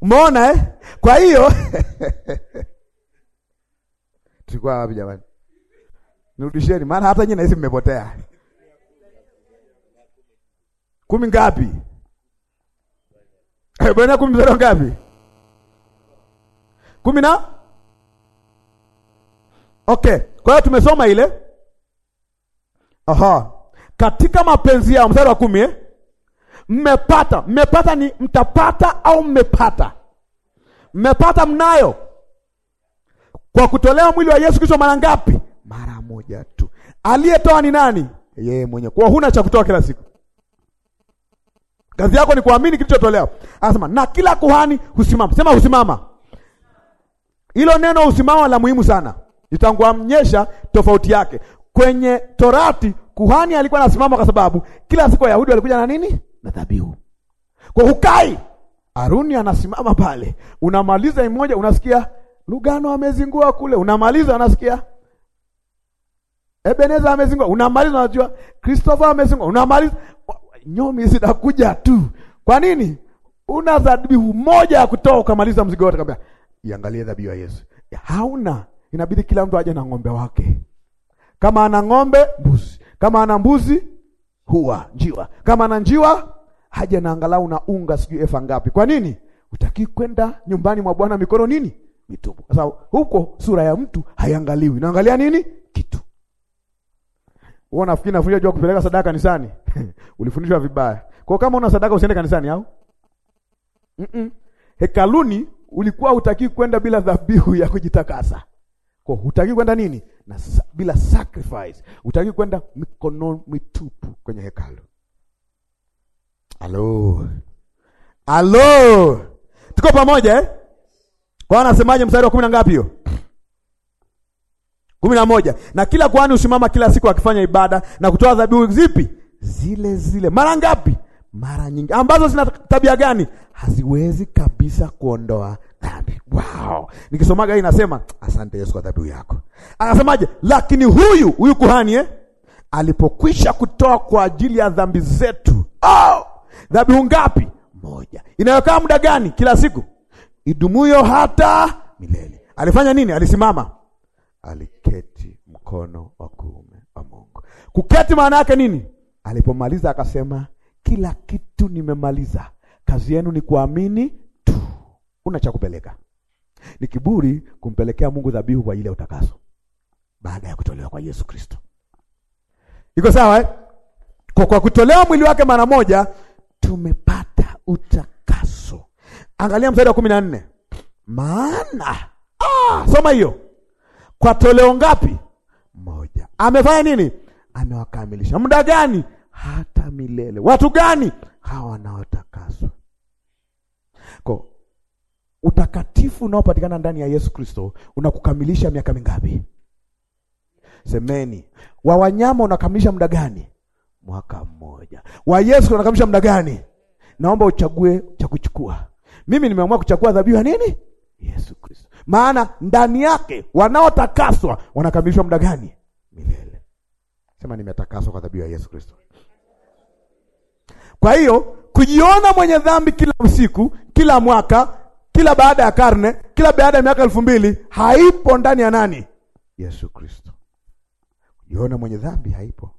Umeona eh? Kwa hiyo tulikuwa wapi jamani? Nirudisheni maana hata nyinyi nahisi mmepotea. Kumi ngapi? Eh, bwana kumi zero ngapi? Kumi na okay. Kwa hiyo tumesoma ile, aha, katika mapenzi yao, mstari wa kumi eh? mmepata. Mmepata ni mtapata au mmepata. Mmepata mnayo kwa kutolewa mwili wa Yesu Kristo mara ngapi? Mara moja tu. Aliyetoa ni nani? Yeye mwenyewe. Kwa huna cha kutoa kila siku. Kazi yako ni kuamini kilichotolewa. Anasema na kila kuhani husimama. Sema husimama. Hilo neno husimama la muhimu sana. Nitanguamnyesha tofauti yake. Kwenye Torati kuhani alikuwa anasimama kwa sababu kila siku Wayahudi walikuja na nini? na dhabihu. Kwa hukai Aruni anasimama pale, unamaliza mmoja, unasikia Lugano amezingua kule, unamaliza unasikia Ebeneza amezingua, unamaliza unajua Christopher amezingua, unamaliza nyomi zitakuja tu. Kwa nini? Una dhabihu moja ya kutoa ukamaliza mzigo wote kabla. Iangalie dhabihu ya Yesu. Ya, hauna, inabidi kila mtu aje na ng'ombe wake. Kama ana ng'ombe, mbuzi. Kama ana mbuzi, huwa njiwa. Kama ana njiwa haja na angalau na unga sijui efa ngapi. Kwa nini? Utaki kwenda nyumbani mwa Bwana mikono nini mitupu. Sasa huko sura ya mtu haiangaliwi, naangalia nini kitu. Wewe unafikiri nafundisha jua kupeleka sadaka kanisani ulifundishwa vibaya. Kwa kama una sadaka usiende kanisani au mm -mm. Hekaluni ulikuwa utaki kwenda bila dhabihu ya kujitakasa. Kwa hutaki kwenda nini na sa, bila sacrifice utaki kwenda mikono mitupu kwenye hekalu. Halo, halo, tuko pamoja eh? Kwa anasemaje mstari wa kumi na ngapi hiyo? kumi na moja. Na kila kwani husimama kila siku akifanya ibada na kutoa dhabihu zipi? Zile zile. Mara ngapi? Mara nyingi, ambazo zina tabia gani? Haziwezi kabisa kuondoa dhambi. Wow, nikisomaga hii nasema asante Yesu kwa dhabihu yako. Anasemaje? Lakini huyu huyu kuhani eh, alipokwisha kutoa kwa ajili ya dhambi zetu, oh! dhabihu ngapi? Moja, inayokaa muda gani? Kila siku, idumuyo hata milele. Alifanya nini? Alisimama, aliketi mkono wa kuume wa Mungu. Kuketi maana yake nini? Alipomaliza akasema, kila kitu nimemaliza, kazi yenu ni kuamini hakuna cha kupeleka. Ni kiburi kumpelekea Mungu dhabihu kwa ajili ya utakaso baada ya kutolewa kwa Yesu Kristo. Iko sawa eh? Kwa, kwa kutolewa mwili wake mara moja tumepata utakaso. Angalia mstari wa kumi na nne. Maana ah, soma hiyo. Kwa toleo ngapi? Moja. Amefanya nini? Amewakamilisha. Muda gani? Hata milele. Watu gani? Hawa wanaotakaswa utakatifu unaopatikana ndani ya Yesu Kristo unakukamilisha miaka mingapi? Semeni. Wa wanyama unakamilisha muda gani? Mwaka mmoja. Wa Yesu unakamilisha muda gani? Naomba uchague cha kuchukua. Mimi nimeamua kuchagua dhabihu ya nini? Yesu Kristo. Maana ndani yake wanaotakaswa wanakamilishwa muda gani? Milele. Sema nimetakaswa kwa dhabihu ya Yesu Kristo. Kwa hiyo kujiona mwenye dhambi kila usiku, kila mwaka kila baada ya karne, kila baada ya miaka elfu mbili haipo ndani ya nani? Yesu Kristo. Yona mwenye dhambi haipo.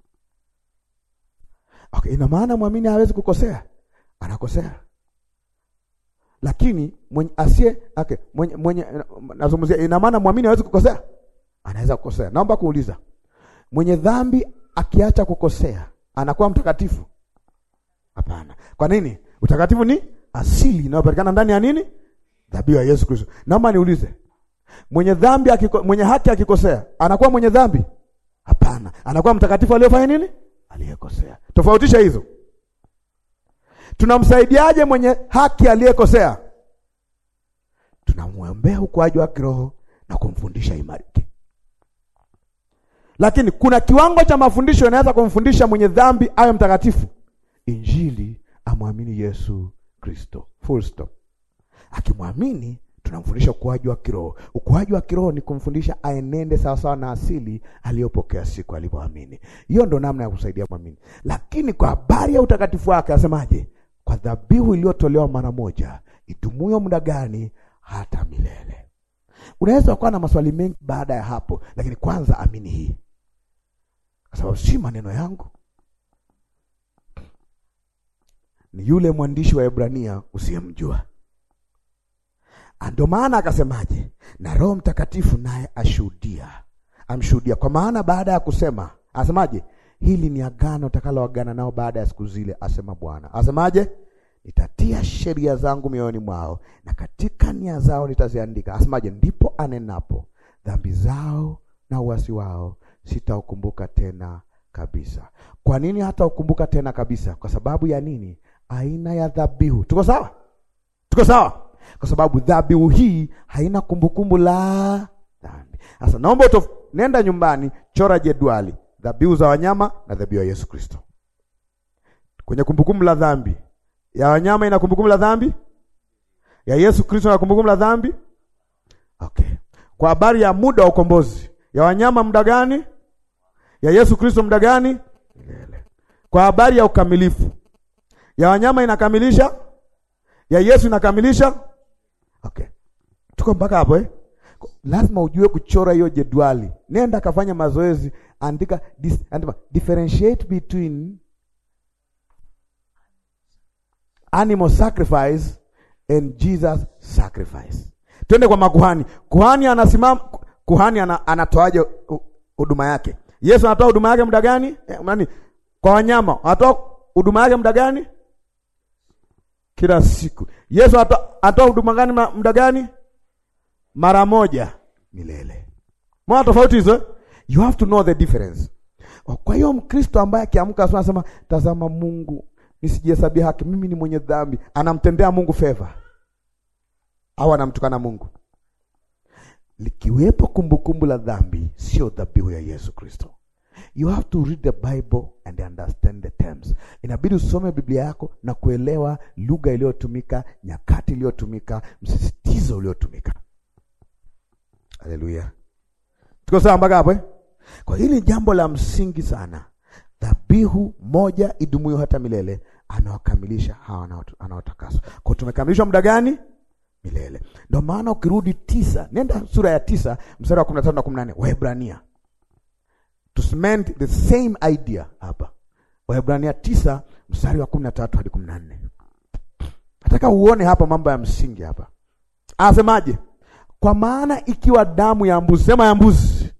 Okay, ina maana mwamini hawezi kukosea, anakosea lakini mwenye asiye okay, mwenye, mwenye nazungumzia, ina maana mwamini hawezi kukosea, anaweza kukosea. Naomba kuuliza, mwenye dhambi akiacha kukosea anakuwa mtakatifu? Hapana. Kwa nini? Utakatifu ni asili inayopatikana ndani ya nini? dhabihu ya Yesu Kristo. Naomba niulize, mwenye dhambi akiko, mwenye haki akikosea anakuwa mwenye dhambi? Hapana, anakuwa mtakatifu aliyofanya nini? Aliyekosea. Tofautisha hizo. Tunamsaidiaje mwenye haki aliyekosea? Tunamwombea ukuaji wa kiroho na kumfundisha imarike. Lakini kuna kiwango cha mafundisho yanaweza kumfundisha mwenye dhambi awe mtakatifu, injili, amwamini Yesu Kristo, full stop. Akimwamini tunamfundisha ukuaji wa kiroho. Ukuaji wa kiroho ni kumfundisha aenende sawasawa na asili aliyopokea siku alipoamini. Hiyo ndo namna ya kusaidia mwamini. Lakini kwa habari ya utakatifu wake asemaje? Kwa dhabihu iliyotolewa mara moja itumuyo muda gani? Hata milele. Unaweza ukawa na maswali mengi baada ya hapo, lakini kwanza amini hii, kwa sababu si maneno yangu, ni yule mwandishi wa Ebrania usiyemjua Ah, ndio maana akasemaje, na Roho Mtakatifu naye ashuhudia, amshuhudia. Kwa maana baada ya kusema asemaje, hili ni agano takaloagana nao baada ya siku zile, asema Bwana. Asemaje? nitatia sheria zangu mioyoni mwao na katika nia zao nitaziandika. Asemaje? ndipo anenapo dhambi zao na uasi wao sitaukumbuka tena kabisa. Kwa nini hata ukumbuka tena kabisa? Kwa sababu ya nini? Aina ya dhabihu. Tuko sawa? Tuko sawa? kwa sababu dhabihu hii haina kumbukumbu la dhambi. Sasa naomba utof... nenda nyumbani, chora jedwali dhabihu za wanyama na dhabihu ya Yesu Kristo kwenye kumbukumbu la dhambi. Ya wanyama ina kumbukumbu la dhambi, ya Yesu Kristo ina kumbukumbu la dhambi. Okay, kwa habari ya muda wa ukombozi, ya wanyama muda gani? Ya Yesu Kristo muda gani? Kwa habari ya ukamilifu, ya wanyama inakamilisha, ya Yesu inakamilisha Okay. Tuko mpaka hapo eh? Lazima ujue kuchora hiyo jedwali. Nenda kafanya mazoezi, andika dis, andika differentiate between animal sacrifice and Jesus sacrifice. Twende kwa makuhani. Kuhani anasimama, kuhani anatoaje huduma yake? Yesu anatoa huduma yake muda gani? Eh, nani? Kwa wanyama. Anatoa huduma yake muda gani? Kila siku. Yesu anatoa atoa huduma gani muda gani? Mara moja milele. Mwana tofauti hizo, eh? you have to know the difference. Kwa hiyo Mkristo ambaye akiamka asema anasema tazama, Mungu nisijihesabia haki, mimi ni mwenye dhambi, anamtendea Mungu favor au anamtukana Mungu? Likiwepo kumbukumbu la dhambi, sio dhabihu ya Yesu Kristo. You have to read the Bible and understand the terms. Inabidi usome Biblia yako na kuelewa lugha iliyotumika, nyakati iliyotumika, msisitizo uliotumika. Haleluya, tuko sawa mpaka hapo eh? Kwa hili jambo la msingi sana, dhabihu moja idumuyo hata milele anawakamilisha hawa anaotakaswa. Kwa tumekamilishwa muda gani? Milele. Ndio maana ukirudi tisa, nenda sura ya tisa mstari wa 15 na 14 Waebrania to cement the same idea hapa. Waebrania tisa mstari wa kumi na tatu hadi kumi na nne. Nataka uone hapa mambo ya msingi hapa. asemaje? Kwa maana ikiwa damu ya mbuzi, sema ya mbuzi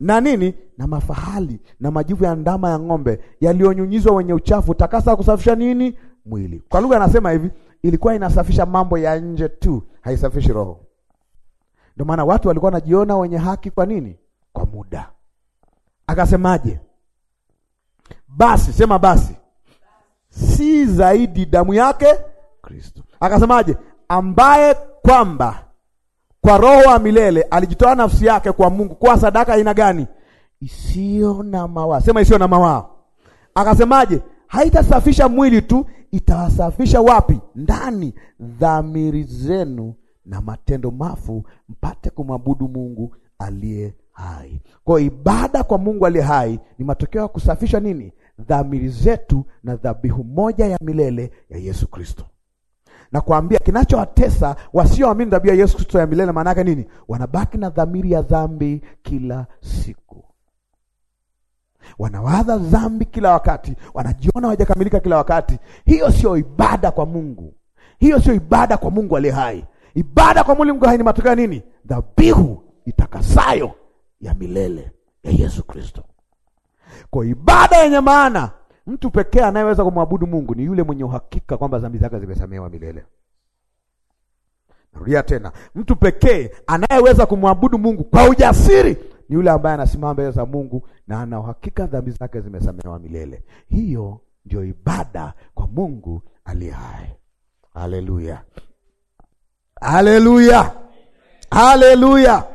na nini na mafahali na majivu ya ndama ya ng'ombe yaliyonyunyizwa wenye uchafu takasa kusafisha nini mwili. Kwa lugha anasema hivi, ilikuwa inasafisha mambo ya nje tu, haisafishi roho. Ndio maana watu walikuwa wanajiona wenye haki. Kwa nini? Kwa muda Akasemaje? Basi sema, basi si zaidi damu yake Kristo. Akasemaje? ambaye kwamba kwa roho wa milele alijitoa nafsi yake kwa Mungu kwa sadaka aina gani? isiyo na mawaa. Sema isiyo na mawaa. Akasemaje? haitasafisha mwili tu, itawasafisha wapi? Ndani dhamiri zenu na matendo mafu, mpate kumwabudu Mungu aliye hai. Kwa ibada kwa Mungu aliye hai ni matokeo ya kusafisha nini? Dhamiri zetu na dhabihu moja ya milele ya Yesu Kristo. Na kuambia kinachowatesa wasioamini dhabihu ya Yesu Kristo ya milele, maana yake nini? Wanabaki na dhamiri ya dhambi kila siku, wanawadha dhambi kila wakati, wanajiona hawajakamilika kila wakati. Hiyo sio ibada kwa Mungu, hiyo sio ibada kwa Mungu aliye hai. Ibada kwa Mungu hai ni matokeo ya nini? Dhabihu itakasayo ya milele ya Yesu Kristo. Kwa ibada yenye maana, mtu pekee anayeweza kumwabudu Mungu ni yule mwenye uhakika kwamba dhambi zake zimesamehewa milele. Narudia tena, mtu pekee anayeweza kumwabudu Mungu kwa ujasiri ni yule ambaye anasimama mbele za Mungu na ana uhakika dhambi zake zimesamehewa milele. Hiyo ndio ibada kwa Mungu aliye hai. Haleluya, haleluya, haleluya!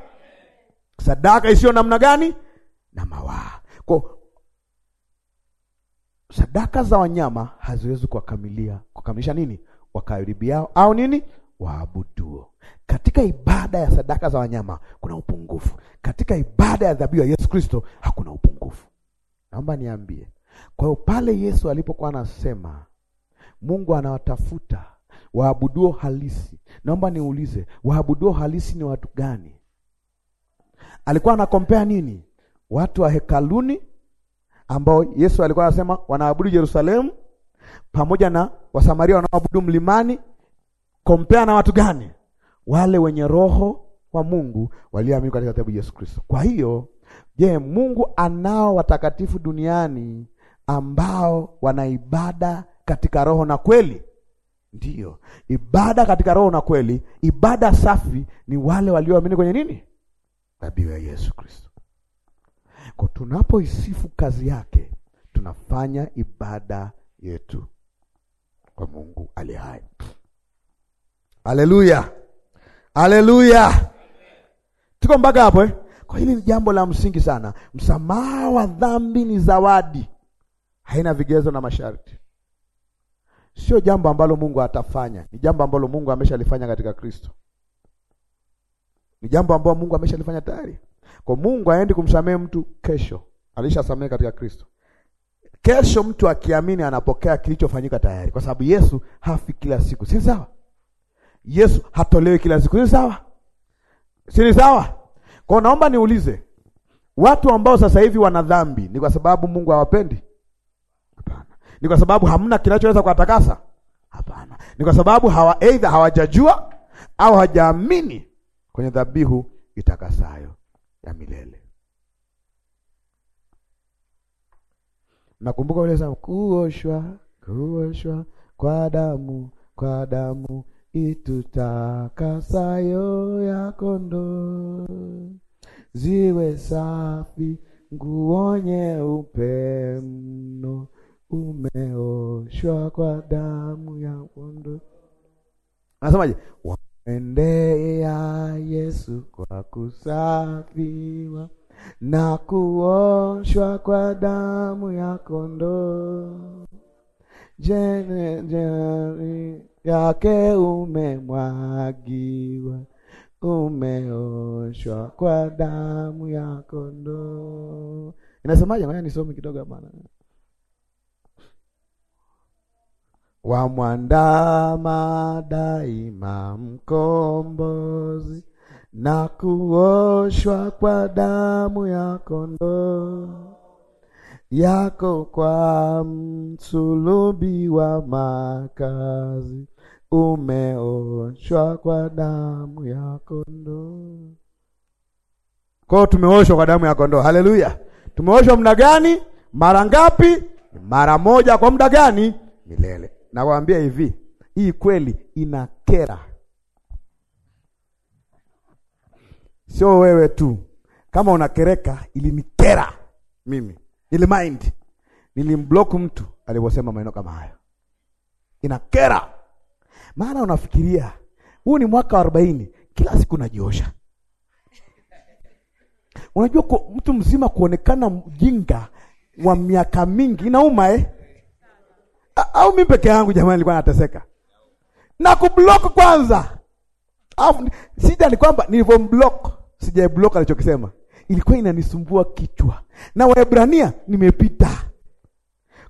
sadaka isiyo namna gani na mawaa. Kwa sadaka za wanyama haziwezi kuwakamilia kukamilisha nini wakaribiao au nini waabuduo. Katika ibada ya sadaka za wanyama kuna upungufu, katika ibada ya dhabihu ya Yesu Kristo hakuna upungufu. Naomba niambie. Kwa hiyo pale Yesu alipokuwa anasema Mungu anawatafuta waabuduo halisi, naomba niulize, waabuduo halisi ni watu gani? alikuwa anakompea nini? Watu wa hekaluni ambao Yesu alikuwa anasema wanaabudu Yerusalemu pamoja na Wasamaria wanaoabudu mlimani, kompea na watu gani? Wale wenye roho wa Mungu walioamini katika tabu Yesu Kristo. Kwa hiyo, je, Mungu anao watakatifu duniani ambao wana ibada katika roho na kweli? Ndiyo, ibada katika roho na kweli, ibada safi ni wale walioamini kwenye nini? dhabihu ya Yesu Kristo. Kwa tunapoisifu kazi yake, tunafanya ibada yetu kwa Mungu aliye hai. Haleluya, haleluya, tuko mpaka hapo eh? Kwa hili ni jambo la msingi sana. Msamaha wa dhambi ni zawadi, haina vigezo na masharti. Sio jambo ambalo Mungu atafanya, ni jambo ambalo Mungu ameshalifanya katika Kristo. Ni jambo ambalo Mungu ameshalifanya tayari. Kwa Mungu haendi kumsamehe mtu kesho, alishasamehe katika Kristo. Kesho mtu akiamini anapokea kilichofanyika tayari, kwa sababu Yesu hafi kila siku, si sawa? Yesu hatolewi kila siku, si sawa? Si sawa? Kwa naomba niulize, watu ambao sasa hivi wana dhambi ni kwa sababu Mungu hawapendi? Hapana. Ni kwa sababu hamna kinachoweza kuwatakasa? Hapana. Ni kwa sababu hawa aidha hawajajua au hawajaamini kwenye dhabihu itakasayo ya milele. Nakumbuka ule sana kuoshwa kuoshwa kwa damu kwa damu itutakasayo ya kondoo, ziwe safi nguo nyeupe mno, umeoshwa kwa damu ya kondoo. Anasemaje? ya Yesu kwa kusafiwa na kuoshwa kwa damu ya kondoo, jenejeri yake umemwagiwa, umeoshwa kwa damu ya kondoo. Inasemaje? Maana nisome kidogo bana. wamwandama daima mkombozi na kuoshwa kwa damu ya kondoo yako kwa msulubi wa makazi, umeoshwa kwa damu ya kondoo. Kwao tumeoshwa kwa damu ya kondoo. Haleluya! Tumeoshwa muda gani? Mara ngapi? Mara moja. Kwa muda gani? Milele nawaambia hivi, hii kweli inakera, sio wewe tu. Kama unakereka, ilinikera mimi, nilimind, nilimblock mtu aliposema maneno kama hayo. Inakera maana unafikiria huu ni mwaka wa arobaini, kila siku najiosha. Unajua, mtu mzima kuonekana mjinga wa miaka mingi inauma eh? au mimi peke yangu jamani, nilikuwa nateseka na kublock kwanza. Au sija ni kwamba nilivyomblok, sijaiblock alichokisema, ilikuwa inanisumbua kichwa, na Waebrania nimepita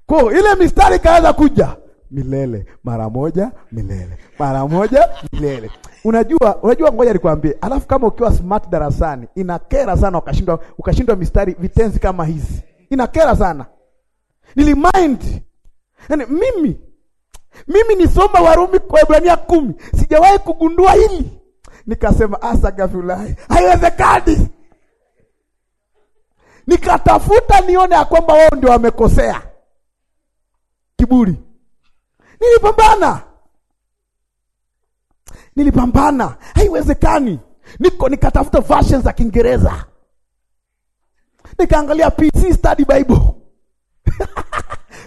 kwa ile mistari, kaanza kuja milele mara moja, milele mara moja, milele. Unajua, unajua, ngoja nikwambie. Alafu kama ukiwa smart darasani, inakera sana ukashindwa, ukashindwa mistari, vitenzi kama hizi inakera sana. Nilimind Yaani mimi mimi nisoma Warumi kwa Ibrania kumi, sijawahi kugundua hili. Nikasema asa ah, gafulai, haiwezekani. Nikatafuta nione ya kwamba wao ndio wamekosea. Kiburi. Nilipambana, nilipambana, haiwezekani. Niko nikatafuta versions za Kiingereza, nikaangalia PC Study Bible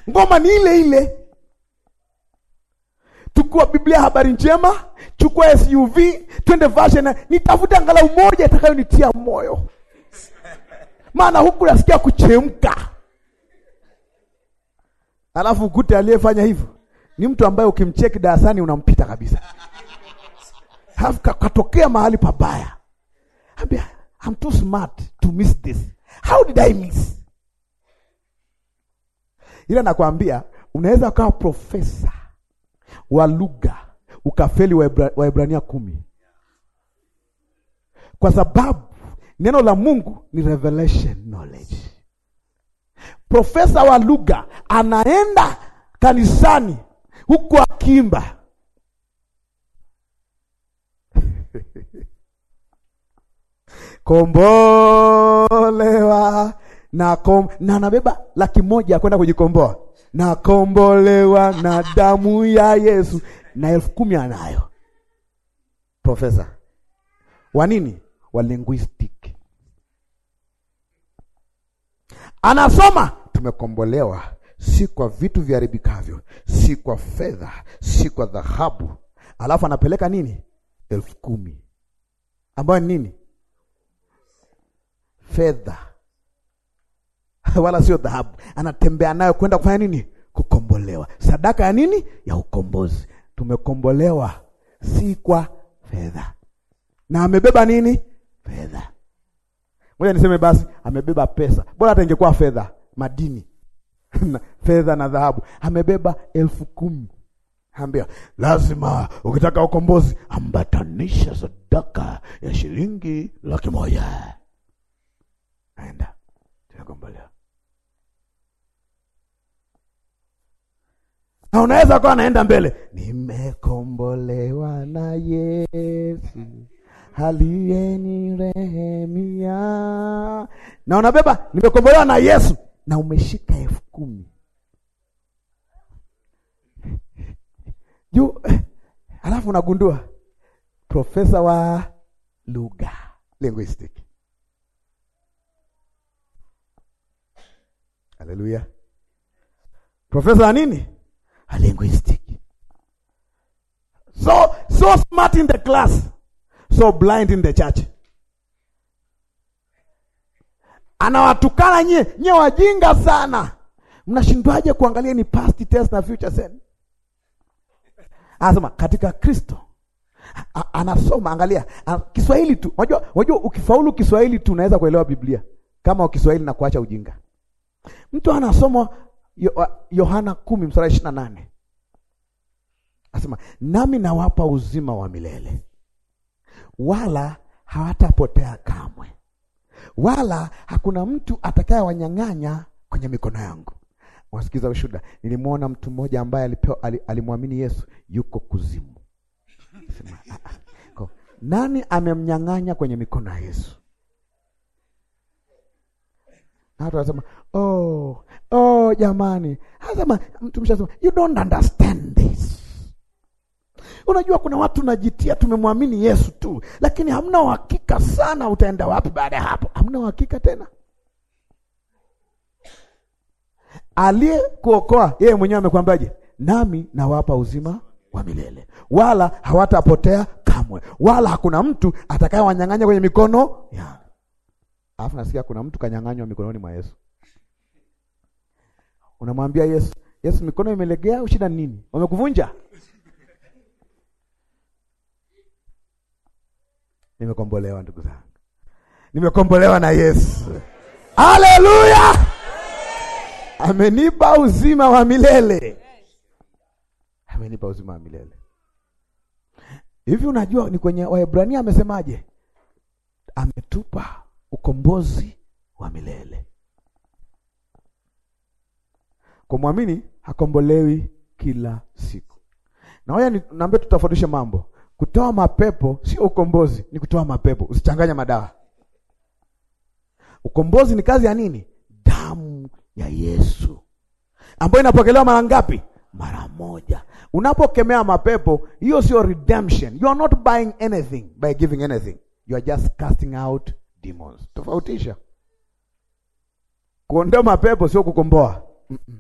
ngoma ni ile ile. Tukua Biblia habari njema, chukua SUV, twende version, nitafuta angalau moja itakayonitia moyo, maana huku nasikia kuchemka. Alafu ukute aliyefanya hivyo ni mtu ambaye ukimcheki darasani unampita kabisa, halafu katokea mahali pabaya, ambia I'm too smart to miss this, how did I miss ila nakwambia unaweza ukawa profesa wa lugha ukafeli Waebrania kumi, kwa sababu neno la Mungu ni revelation knowledge. Profesa wa lugha anaenda kanisani huku akimba kombolewa na, kom, na anabeba laki moja kwenda kujikomboa, nakombolewa na damu ya Yesu, na elfu kumi anayo profesa wa nini wa linguistic anasoma, tumekombolewa si kwa vitu viharibikavyo, si kwa fedha, si kwa dhahabu, alafu anapeleka nini elfu kumi ambayo ni nini fedha wala sio dhahabu. Anatembea nayo kwenda kufanya nini? Kukombolewa. Sadaka ya nini? Ya ukombozi. Tumekombolewa si kwa fedha, na amebeba nini? Fedha. Ngoja niseme basi, amebeba pesa. Bora hata ingekuwa fedha, madini fedha na dhahabu. Amebeba elfu kumi. Ambia lazima ukitaka ukombozi ambatanisha sadaka ya shilingi laki moja. Aenda tunakombolewa. na unaweza kuwa naenda mbele, nimekombolewa na Yesu aliyenirehemia, na unabeba nimekombolewa na Yesu na umeshika elfu kumi juu, alafu unagundua profesa wa lugha linguistic. Haleluya, profesa wa nini? a linguistic. So, so smart in the class, so blind in the church. Anawatukana nye nye wajinga sana. Mnashindwaje kuangalia ni past tense na future tense? Anasema katika Kristo. anasoma angalia a, Kiswahili tu. Unajua, unajua ukifaulu Kiswahili tu unaweza kuelewa Biblia kama Kiswahili na kuacha ujinga. Mtu anasoma Ah, Yohana kumi mstari ishirini na nane asema, nami nawapa uzima wa milele, wala hawatapotea kamwe, wala hakuna mtu atakaye wanyang'anya kwenye mikono yangu. Wasikiza ushuhuda. Nilimwona mtu mmoja ambaye alipewa alimwamini Yesu, yuko kuzimu. Sema, ah, ah, nani amemnyang'anya kwenye mikono ya Yesu? Watu wanasema oh, oh jamani, asema mtu mshasema, you don't understand this. Unajua kuna watu najitia, tumemwamini Yesu tu, lakini hamna uhakika sana utaenda wapi baada ya hapo. Hamna uhakika tena, aliye kuokoa yeye mwenyewe amekwambiaje? Nami nawapa uzima wa milele, wala hawatapotea kamwe, wala hakuna mtu atakayewanyang'anya kwenye mikono ya Alafu nasikia kuna mtu kanyang'anywa mikononi mwa Yesu. Unamwambia Yesu, Yesu, mikono imelegea, ushida nini? Wamekuvunja? Nimekombolewa ndugu zangu. Nimekombolewa na Yesu. Haleluya! Amenipa uzima wa milele. Amenipa uzima wa milele. Hivi unajua ni kwenye Waebrania amesemaje? Ametupa ukombozi wa milele. Kwa mwamini hakombolewi kila siku. Na haya niambie, tutafundishe mambo. Kutoa mapepo sio ukombozi, ni kutoa mapepo. Usichanganya madawa. Ukombozi ni kazi ya nini? Damu ya Yesu ambayo inapokelewa mara ngapi? Mara moja. Unapokemea mapepo, hiyo sio redemption. You are not buying anything by giving anything, you are just casting out demons. Tofautisha. Kuondoa mapepo sio kukomboa. Mm -mm.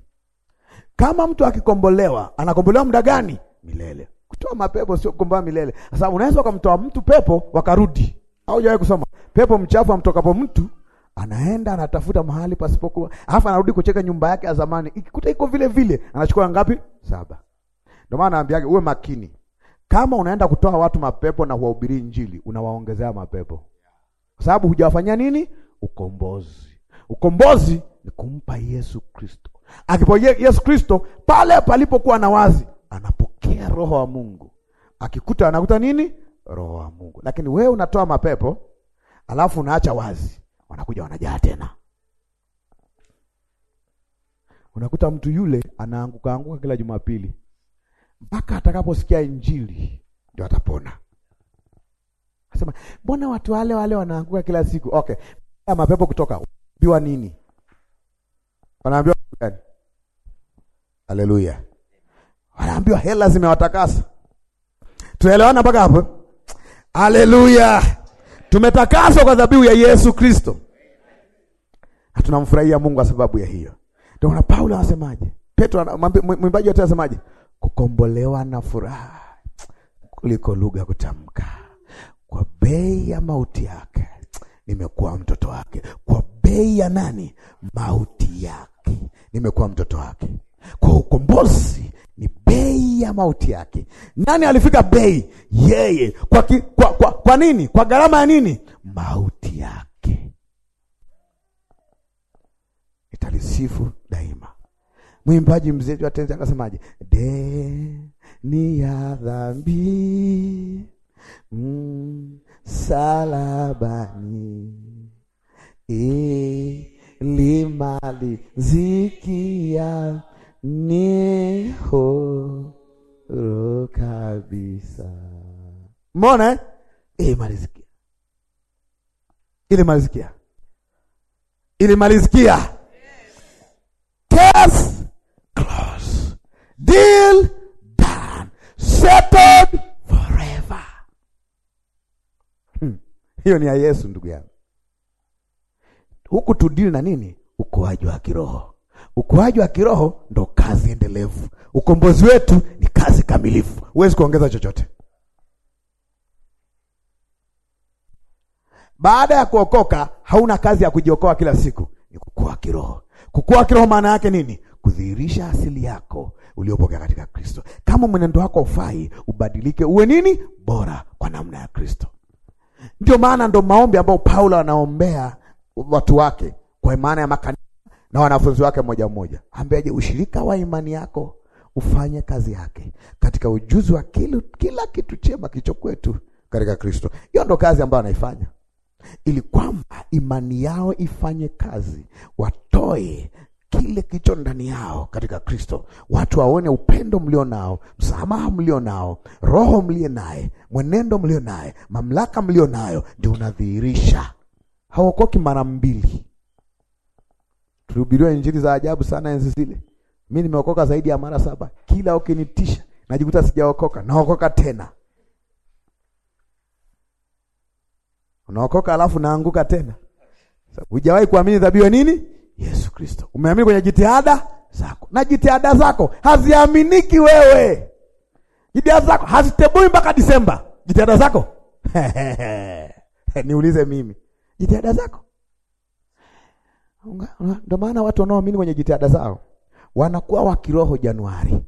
Kama mtu akikombolewa, anakombolewa muda gani? Milele. Kutoa mapepo sio kukomboa milele. Sasa unaweza ukamtoa mtu pepo wakarudi. Au hujawahi kusoma? Pepo mchafu amtokapo mtu anaenda anatafuta mahali pasipokuwa, alafu anarudi kucheka nyumba yake ya zamani, ikikuta iko vile vile, anachukua ngapi? Saba. Ndio maana naambiaje, uwe makini. Kama unaenda kutoa watu mapepo na huwahubiri Injili, unawaongezea mapepo kwa sababu hujawafanyia nini? Ukombozi. Ukombozi ni kumpa Yesu Kristo. Akipokea Yesu Kristo, pale palipokuwa na wazi, anapokea roho wa Mungu. Akikuta anakuta nini? Roho wa Mungu. Lakini wewe unatoa mapepo, alafu unaacha wazi, wanakuja wanajaa tena. Unakuta mtu yule anaanguka anguka kila Jumapili mpaka atakaposikia Injili ndio atapona. Anasema mbona watu wale wale wanaanguka kila siku? Okay, ya mapepo kutoka biwa nini? Wanaambiwa gani? Haleluya, wanaambiwa hela zimewatakasa. Tunaelewana mpaka hapo? Haleluya, tumetakaswa kwa dhabihu ya Yesu Kristo na tunamfurahia Mungu kwa sababu ya hiyo. Ndio maana Paulo anasemaje? Petro mwimbaji wote anasemaje? Kukombolewa na furaha kuliko lugha kutamka. Kwa bei ya mauti yake nimekuwa mtoto wake. Kwa bei ya nani? Mauti yake nimekuwa mtoto wake. Kwa ukombozi ni bei ya mauti yake. Nani alifika bei? Yeye. Kwa, ki, kwa, kwa, kwa nini? Kwa gharama ya nini? Mauti yake. Nitalisifu daima. Mwimbaji mzee wa tenzi akasemaje? Deni ya dhambi msalabani ilimalizikia ni huru kabisa. Mbona eh? ilimalizikia, ilimalizikia, ilimalizikia. Case closed, deal done, settled hiyo ni ya Yesu ndugu yangu. Huku tudili na nini? Ukuaji wa kiroho. Ukuaji wa kiroho ndo kazi endelevu. Ukombozi wetu ni kazi kamilifu, huwezi kuongeza chochote. Baada ya kuokoka, hauna kazi ya kujiokoa kila siku, ni kukua kiroho. Kukua kiroho maana yake nini? Kudhihirisha asili yako uliopokea katika Kristo. Kama mwenendo wako ufai, ubadilike uwe nini bora kwa namna ya Kristo. Ndio maana ndo maombi ambayo Paulo anaombea watu wake kwa maana ya makanisa na wanafunzi wake moja moja, ambeje ushirika wa imani yako ufanye kazi yake katika ujuzi wa kila, kila kitu chema kilicho kwetu katika Kristo. Hiyo ndo kazi ambayo anaifanya ili kwamba imani yao ifanye kazi, watoe kile kilicho ndani yao katika Kristo, watu waone upendo mlio nao, msamaha mlio nao, roho mlio naye, mwenendo mlio naye, mamlaka mlio nayo, ndio unadhihirisha. Haokoki mara mbili. Tulihubiriwa injili za ajabu sana enzi zile. Mimi nimeokoka zaidi ya mara saba, kila ukinitisha najikuta sijaokoka, naokoka tena, Unaokoka alafu naanguka tena. Hujawahi kuamini dhabiwe nini Yesu Kristo. Umeamini kwenye jitihada zako, na jitihada zako haziaminiki wewe. Jitihada zako hazitebui mpaka Disemba. Jitihada zako niulize mimi, jitihada zako ndio maana watu wanaoamini kwenye jitihada zao wanakuwa wa kiroho Januari,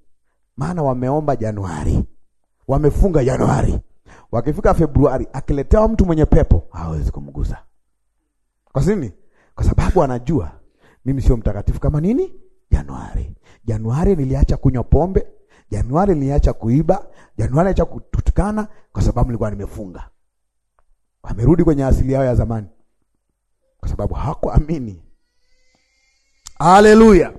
maana wameomba Januari, wamefunga Januari. Wakifika Februari, akiletewa mtu mwenye pepo hawezi kumgusa. Kwa nini? Kwa sababu anajua mimi sio mtakatifu kama nini? Januari. Januari niliacha kunywa pombe, Januari niliacha kuiba, Januari niliacha kutukana kwa sababu nilikuwa nimefunga. Wamerudi kwenye asili yao ya zamani. Kwa sababu hakuamini. Haleluya.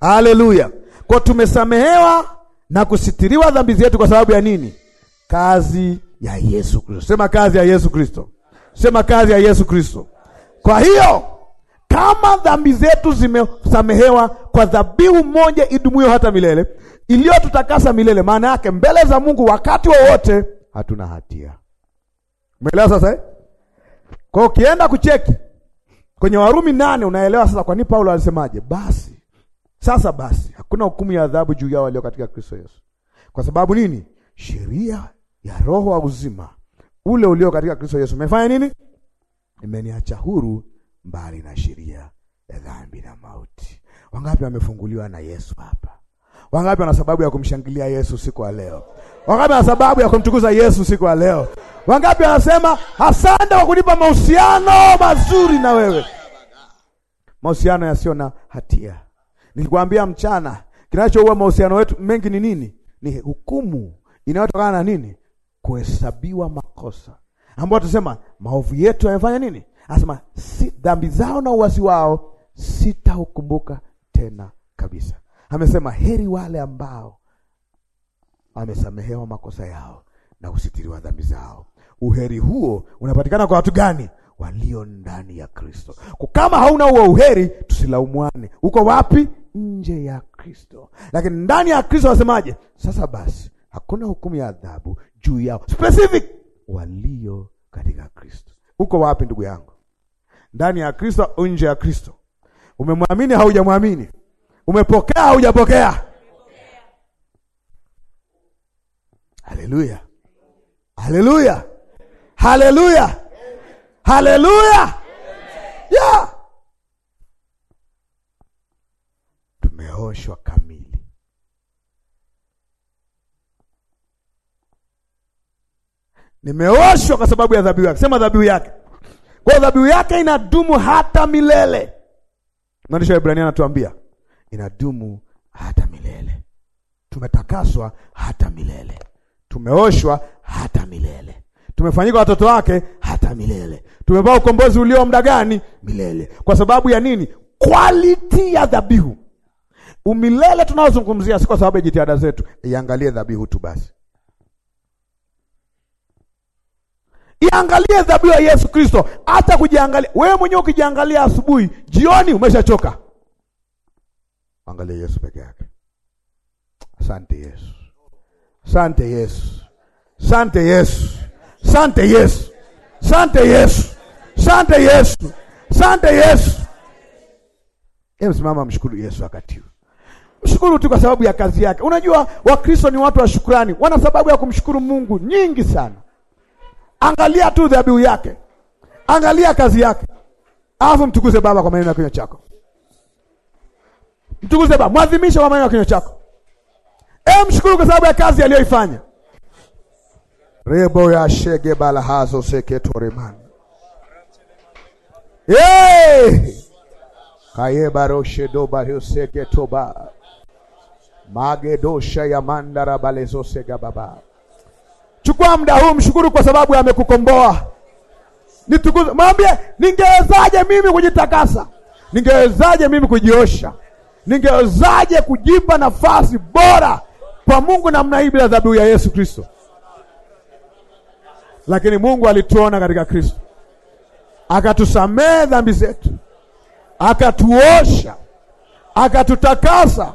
Haleluya. Kwa tumesamehewa na kusitiriwa dhambi zetu kwa sababu ya nini? Kazi ya Yesu Kristo. Sema kazi ya Yesu Kristo. Sema kazi ya Yesu Kristo. Kwa hiyo kama dhambi zetu zimesamehewa kwa dhabihu moja idumuyo hata milele, iliyotutakasa milele. Maana yake mbele za Mungu wakati wowote wa hatuna hatia. Umeelewa sasa eh? Kwa ukienda kucheki kwenye Warumi nane unaelewa sasa kwa nini Paulo alisemaje, basi sasa basi hakuna hukumu ya adhabu juu yao walio katika Kristo Yesu. Kwa sababu nini? Sheria ya roho wa uzima ule ulio katika Kristo Yesu umefanya nini? Imeniacha huru mbali na sheria ya dhambi na mauti. Wangapi wamefunguliwa na Yesu hapa? Wangapi wana sababu ya kumshangilia Yesu siku ya leo? Wangapi wana sababu ya kumtukuza Yesu siku ya leo? Wangapi wanasema asante kwa kunipa mahusiano mazuri na wewe, mahusiano yasiyo na hatia. Nilikwambia mchana, kinachoua mahusiano wetu mengi ni nini? Ni hukumu inayotokana na nini? Kuhesabiwa makosa, ambayo tunasema maovu yetu yamefanya nini? Anasema si, dhambi zao na uasi wao sitaukumbuka tena kabisa. Amesema heri wale ambao amesamehewa makosa yao na usitiriwa dhambi zao. Uheri huo unapatikana kwa watu gani? Walio ndani ya Kristo. Kama hauna huo uheri, tusilaumwane. Uko wapi? Nje ya Kristo. Lakini ndani ya Kristo wasemaje? Sasa basi, hakuna hukumu ya adhabu juu yao, specific walio katika Kristo. Uko wapi ndugu yangu? ndani ya Kristo au nje ya Kristo. Umemwamini haujamwamini? Umepokea haujapokea? Haleluya, haleluya, haleluya, haleluya! tumeoshwa kamili. Nimeoshwa kwa sababu ya dhabihu yake. Sema dhabihu yake kwa dhabihu yake inadumu hata milele. Mwandishi wa Ibrania anatuambia inadumu hata milele. Tumetakaswa hata milele, tumeoshwa hata milele, tumefanyika watoto wake hata milele, tumevaa ukombozi ulio muda gani? Milele. Kwa sababu ya nini? Quality ya dhabihu. Umilele tunaozungumzia si kwa sababu ya jitihada zetu. Iangalie dhabihu tu basi. Iangalie dhabihu ya Yesu Kristo. Hata kujiangalia wewe mwenyewe, ukijiangalia asubuhi, jioni umeshachoka. Angalia Yesu peke yake. Asante Yesu, asante Yesu, asante Yesu, asante Yesu, asante Yesu, asante Yesu, asante Yesu. Hebu simama, mshukuru Yesu wakati huu. Mshukuru tu kwa sababu ya kazi yake. Unajua Wakristo ni watu wa shukrani, wana sababu ya kumshukuru Mungu nyingi sana. Angalia tu dhabihu yake, angalia kazi yake, alafu mtukuze Baba kwa maneno ya kinywa chako. Mtukuze Baba, mwadhimishe kwa maneno ya kinywa chako. E, mshukuru kwa sababu ya kazi aliyoifanya. rebo ya shege bala hazo seke toreman seketoremani Hey! toba magedosha ya mandara balezosega baba Chukua muda huu, mshukuru kwa sababu amekukomboa. Nitukuze, mwambie, ningewezaje mimi kujitakasa? Ningewezaje mimi kujiosha? Ningewezaje kujipa nafasi bora kwa Mungu namna hii bila dhabihu ya Yesu Kristo? Lakini Mungu alituona katika Kristo, akatusamehe dhambi zetu, akatuosha, akatutakasa,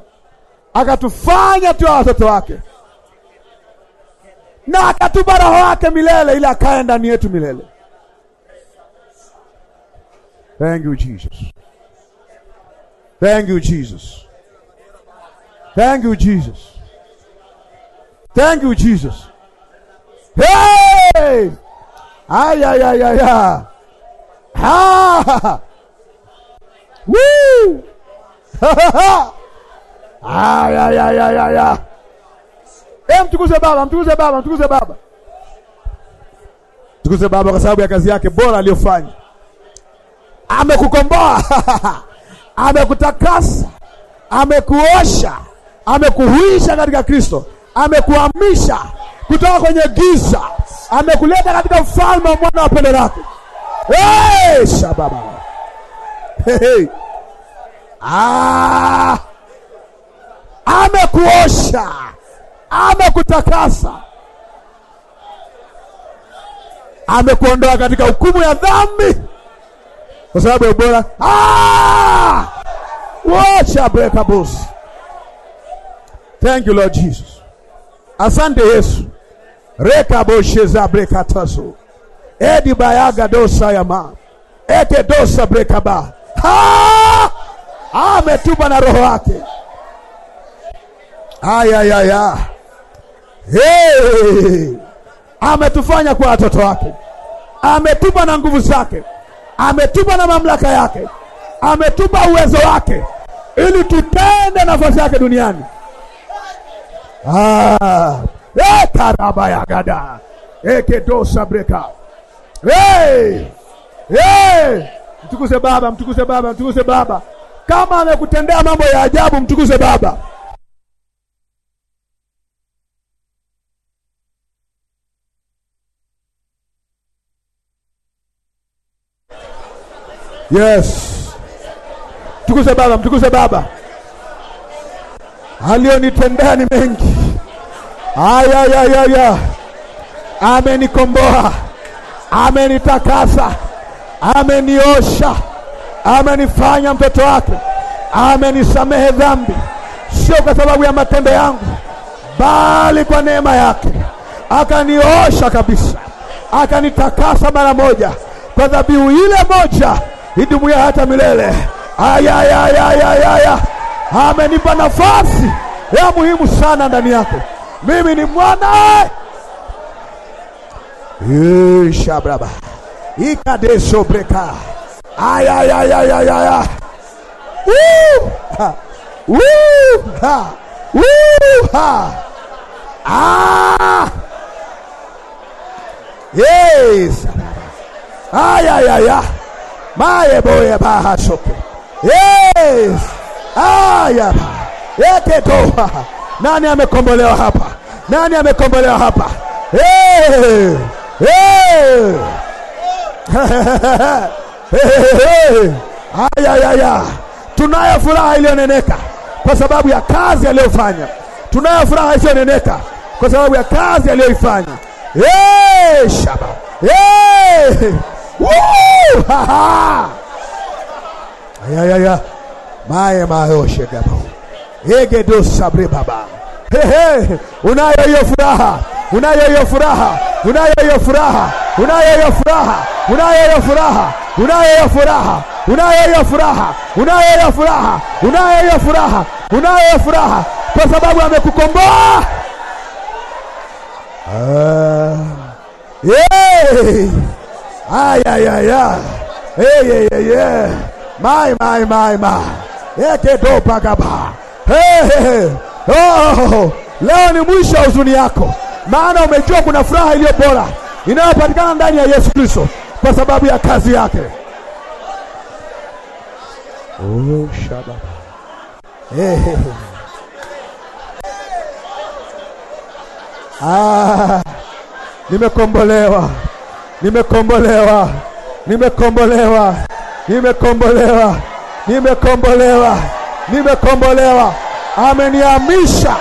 akatufanya tuwe watoto wake na akatupa Roho wake milele, ili akae ndani yetu milele. Thank you Jesus, thank you Jesus, thank you Jesus, thank you Jesus. Hey! Ayayayaya! Ha! Woo! Ha ha ha! Ayayayaya! Hey, eh, mtukuze Baba, mtukuze Baba, mtukuze Baba, mtukuze Baba kwa sababu ya kazi yake bora aliyofanya. Amekukomboa, amekutakasa, amekuosha, amekuhuisha katika Kristo, amekuhamisha kutoka kwenye giza, amekuleta katika ufalme wa mwana wa pendo lake. Hey, shababa. Hey, hey. Ah, amekuosha amekutakasa, amekuondoa katika hukumu ya dhambi kwa sababu ya ubora ah! wachabrekabos. Thank you Lord Jesus, asante Yesu. rekaboshezablekataso edi bayaga dosa ma ete dosa brekaba ametupa na roho wake ayayaya Ametufanya kwa watoto wake, ametupa na nguvu zake, ametupa na mamlaka yake, ametupa uwezo wake ili tutende nafasi yake duniani. Ah, taraba ya gada ekedosa breka. Hey! Hey! Mtukuze Baba, mtukuze Baba, mtukuze Baba. Kama amekutendea mambo ya ajabu, mtukuze Baba. Yes, mtukuze Baba, mtukuze Baba. Aliyonitendea ni mengi, ayayayaya, amenikomboa, amenitakasa, ameniosha, amenifanya mtoto wake, amenisamehe dhambi, sio kwa sababu ya matendo yangu, bali kwa neema yake. Akaniosha kabisa, akanitakasa mara moja kwa dhabihu ile moja idumuya hata milele. Ayayayayayaya, amenipa nafasi ya muhimu sana ndani yako. Mimi ni mwana shabraba ikadesobreka ayayayayayaya ayayaya mayeboya bahasoke yes aya yeketoa nani amekombolewa hapa nani amekombolewa hapa hey! Hey! hey! tunayo furaha iliyoneneka kwa sababu ya kazi aliyofanya tunayo furaha isiyoneneka kwa sababu ya kazi aliyoifanya shaba ayayaya maye mayoshe gaba yegedo sabre baba hehe unayo hiyo furaha unayo hiyo furaha unayo hiyo furaha unayo hiyo furaha unayo hiyo furaha unayo hiyo furaha unayo hiyo furaha unayo hiyo furaha unayo hiyo furaha unayo hiyo furaha kwa sababu amekukomboa uh, yeah do eyeyeye Hey, hey, hey. oh, leo ni mwisho wa huzuni yako, maana umejua kuna furaha iliyo bora inayopatikana ndani ya Yesu Kristo kwa sababu ya kazi yake. Oh, shaba hey, hey. Ah, nimekombolewa nimekombolewa, nimekombolewa, nimekombolewa, nimekombolewa, nimekombolewa. ameniamisha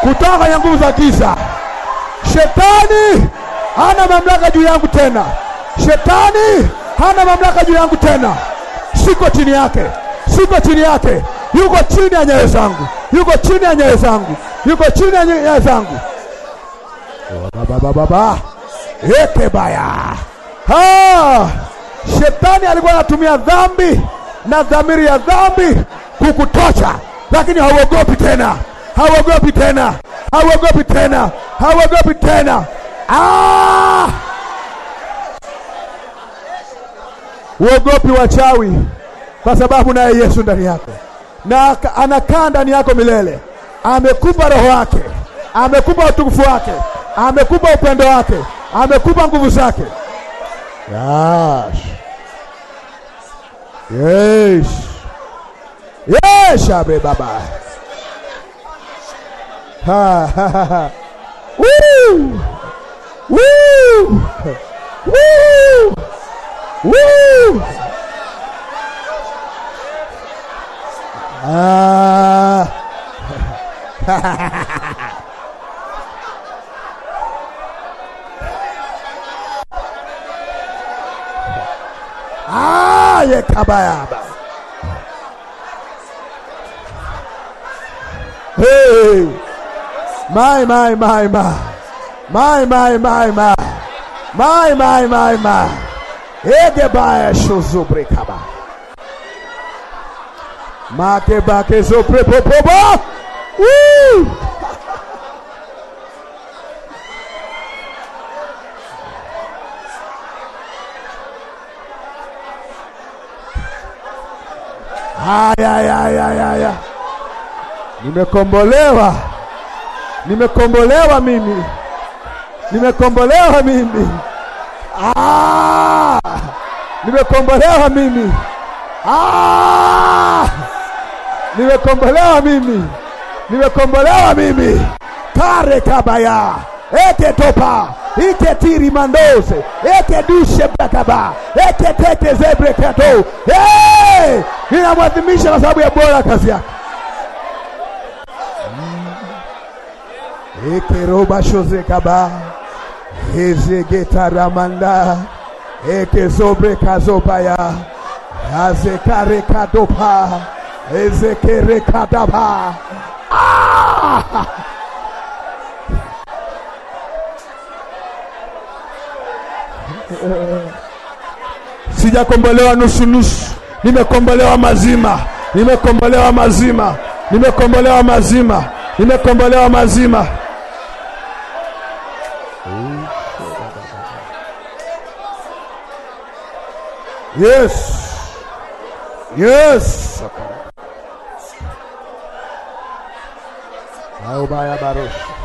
kutoka kwenye nguvu za giza. Shetani hana mamlaka juu yangu tena, shetani hana mamlaka juu yangu tena. Siko chini yake, siko chini yake. Yuko chini ya nyayo zangu, yuko chini ya nyayo zangu, yuko chini ya nyayo zangu. Baba baba baba ekebaya. ha! shetani alikuwa anatumia dhambi na dhamiri ya dhambi kukutocha, lakini hauogopi tena, hauogopi tena, hauogopi tena, hauogopi tena. Ah! Uogopi wachawi kwa sababu naye Yesu ndani yako na anakaa ndani yako milele. Amekupa roho wake, amekupa utukufu wake, amekupa upendo wake. amekupa nguvu zake. Yes. Yes. Yes, abe baba. Ha ha ha. ha. Woo! Woo! Woo! Woo! Ah. Aie é cabaiaba. Ei. Mai, mai, mai, mai. Mai, mai, mai, mai. Mai, mai, mai, mai. Edebae shuzubre kaba. Make bake zopre popoba. Uh! Ayayayaya, nimekombolewa, nimekombolewa mimi, nimekombolewa mimi, ah, nimekombolewa mimi, ah, nimekombolewa mimi, nimekombolewa mimi, kare kabaya etetopa itetiri mandose etedushe brakaba etetete zebrekato hey! Ninamwadhimisha kwa sababu ya bora kazi yake ekerobashozekaba ezegetaramanda ekezobrekazobaya azekarekatopa ezekerekataba ah! sijakombolewa nusu nusu, nimekombolewa mazima, nimekombolewa mazima, nimekombolewa mazima, nimekombolewa mazima. Yes. Yes. Au baya baroshi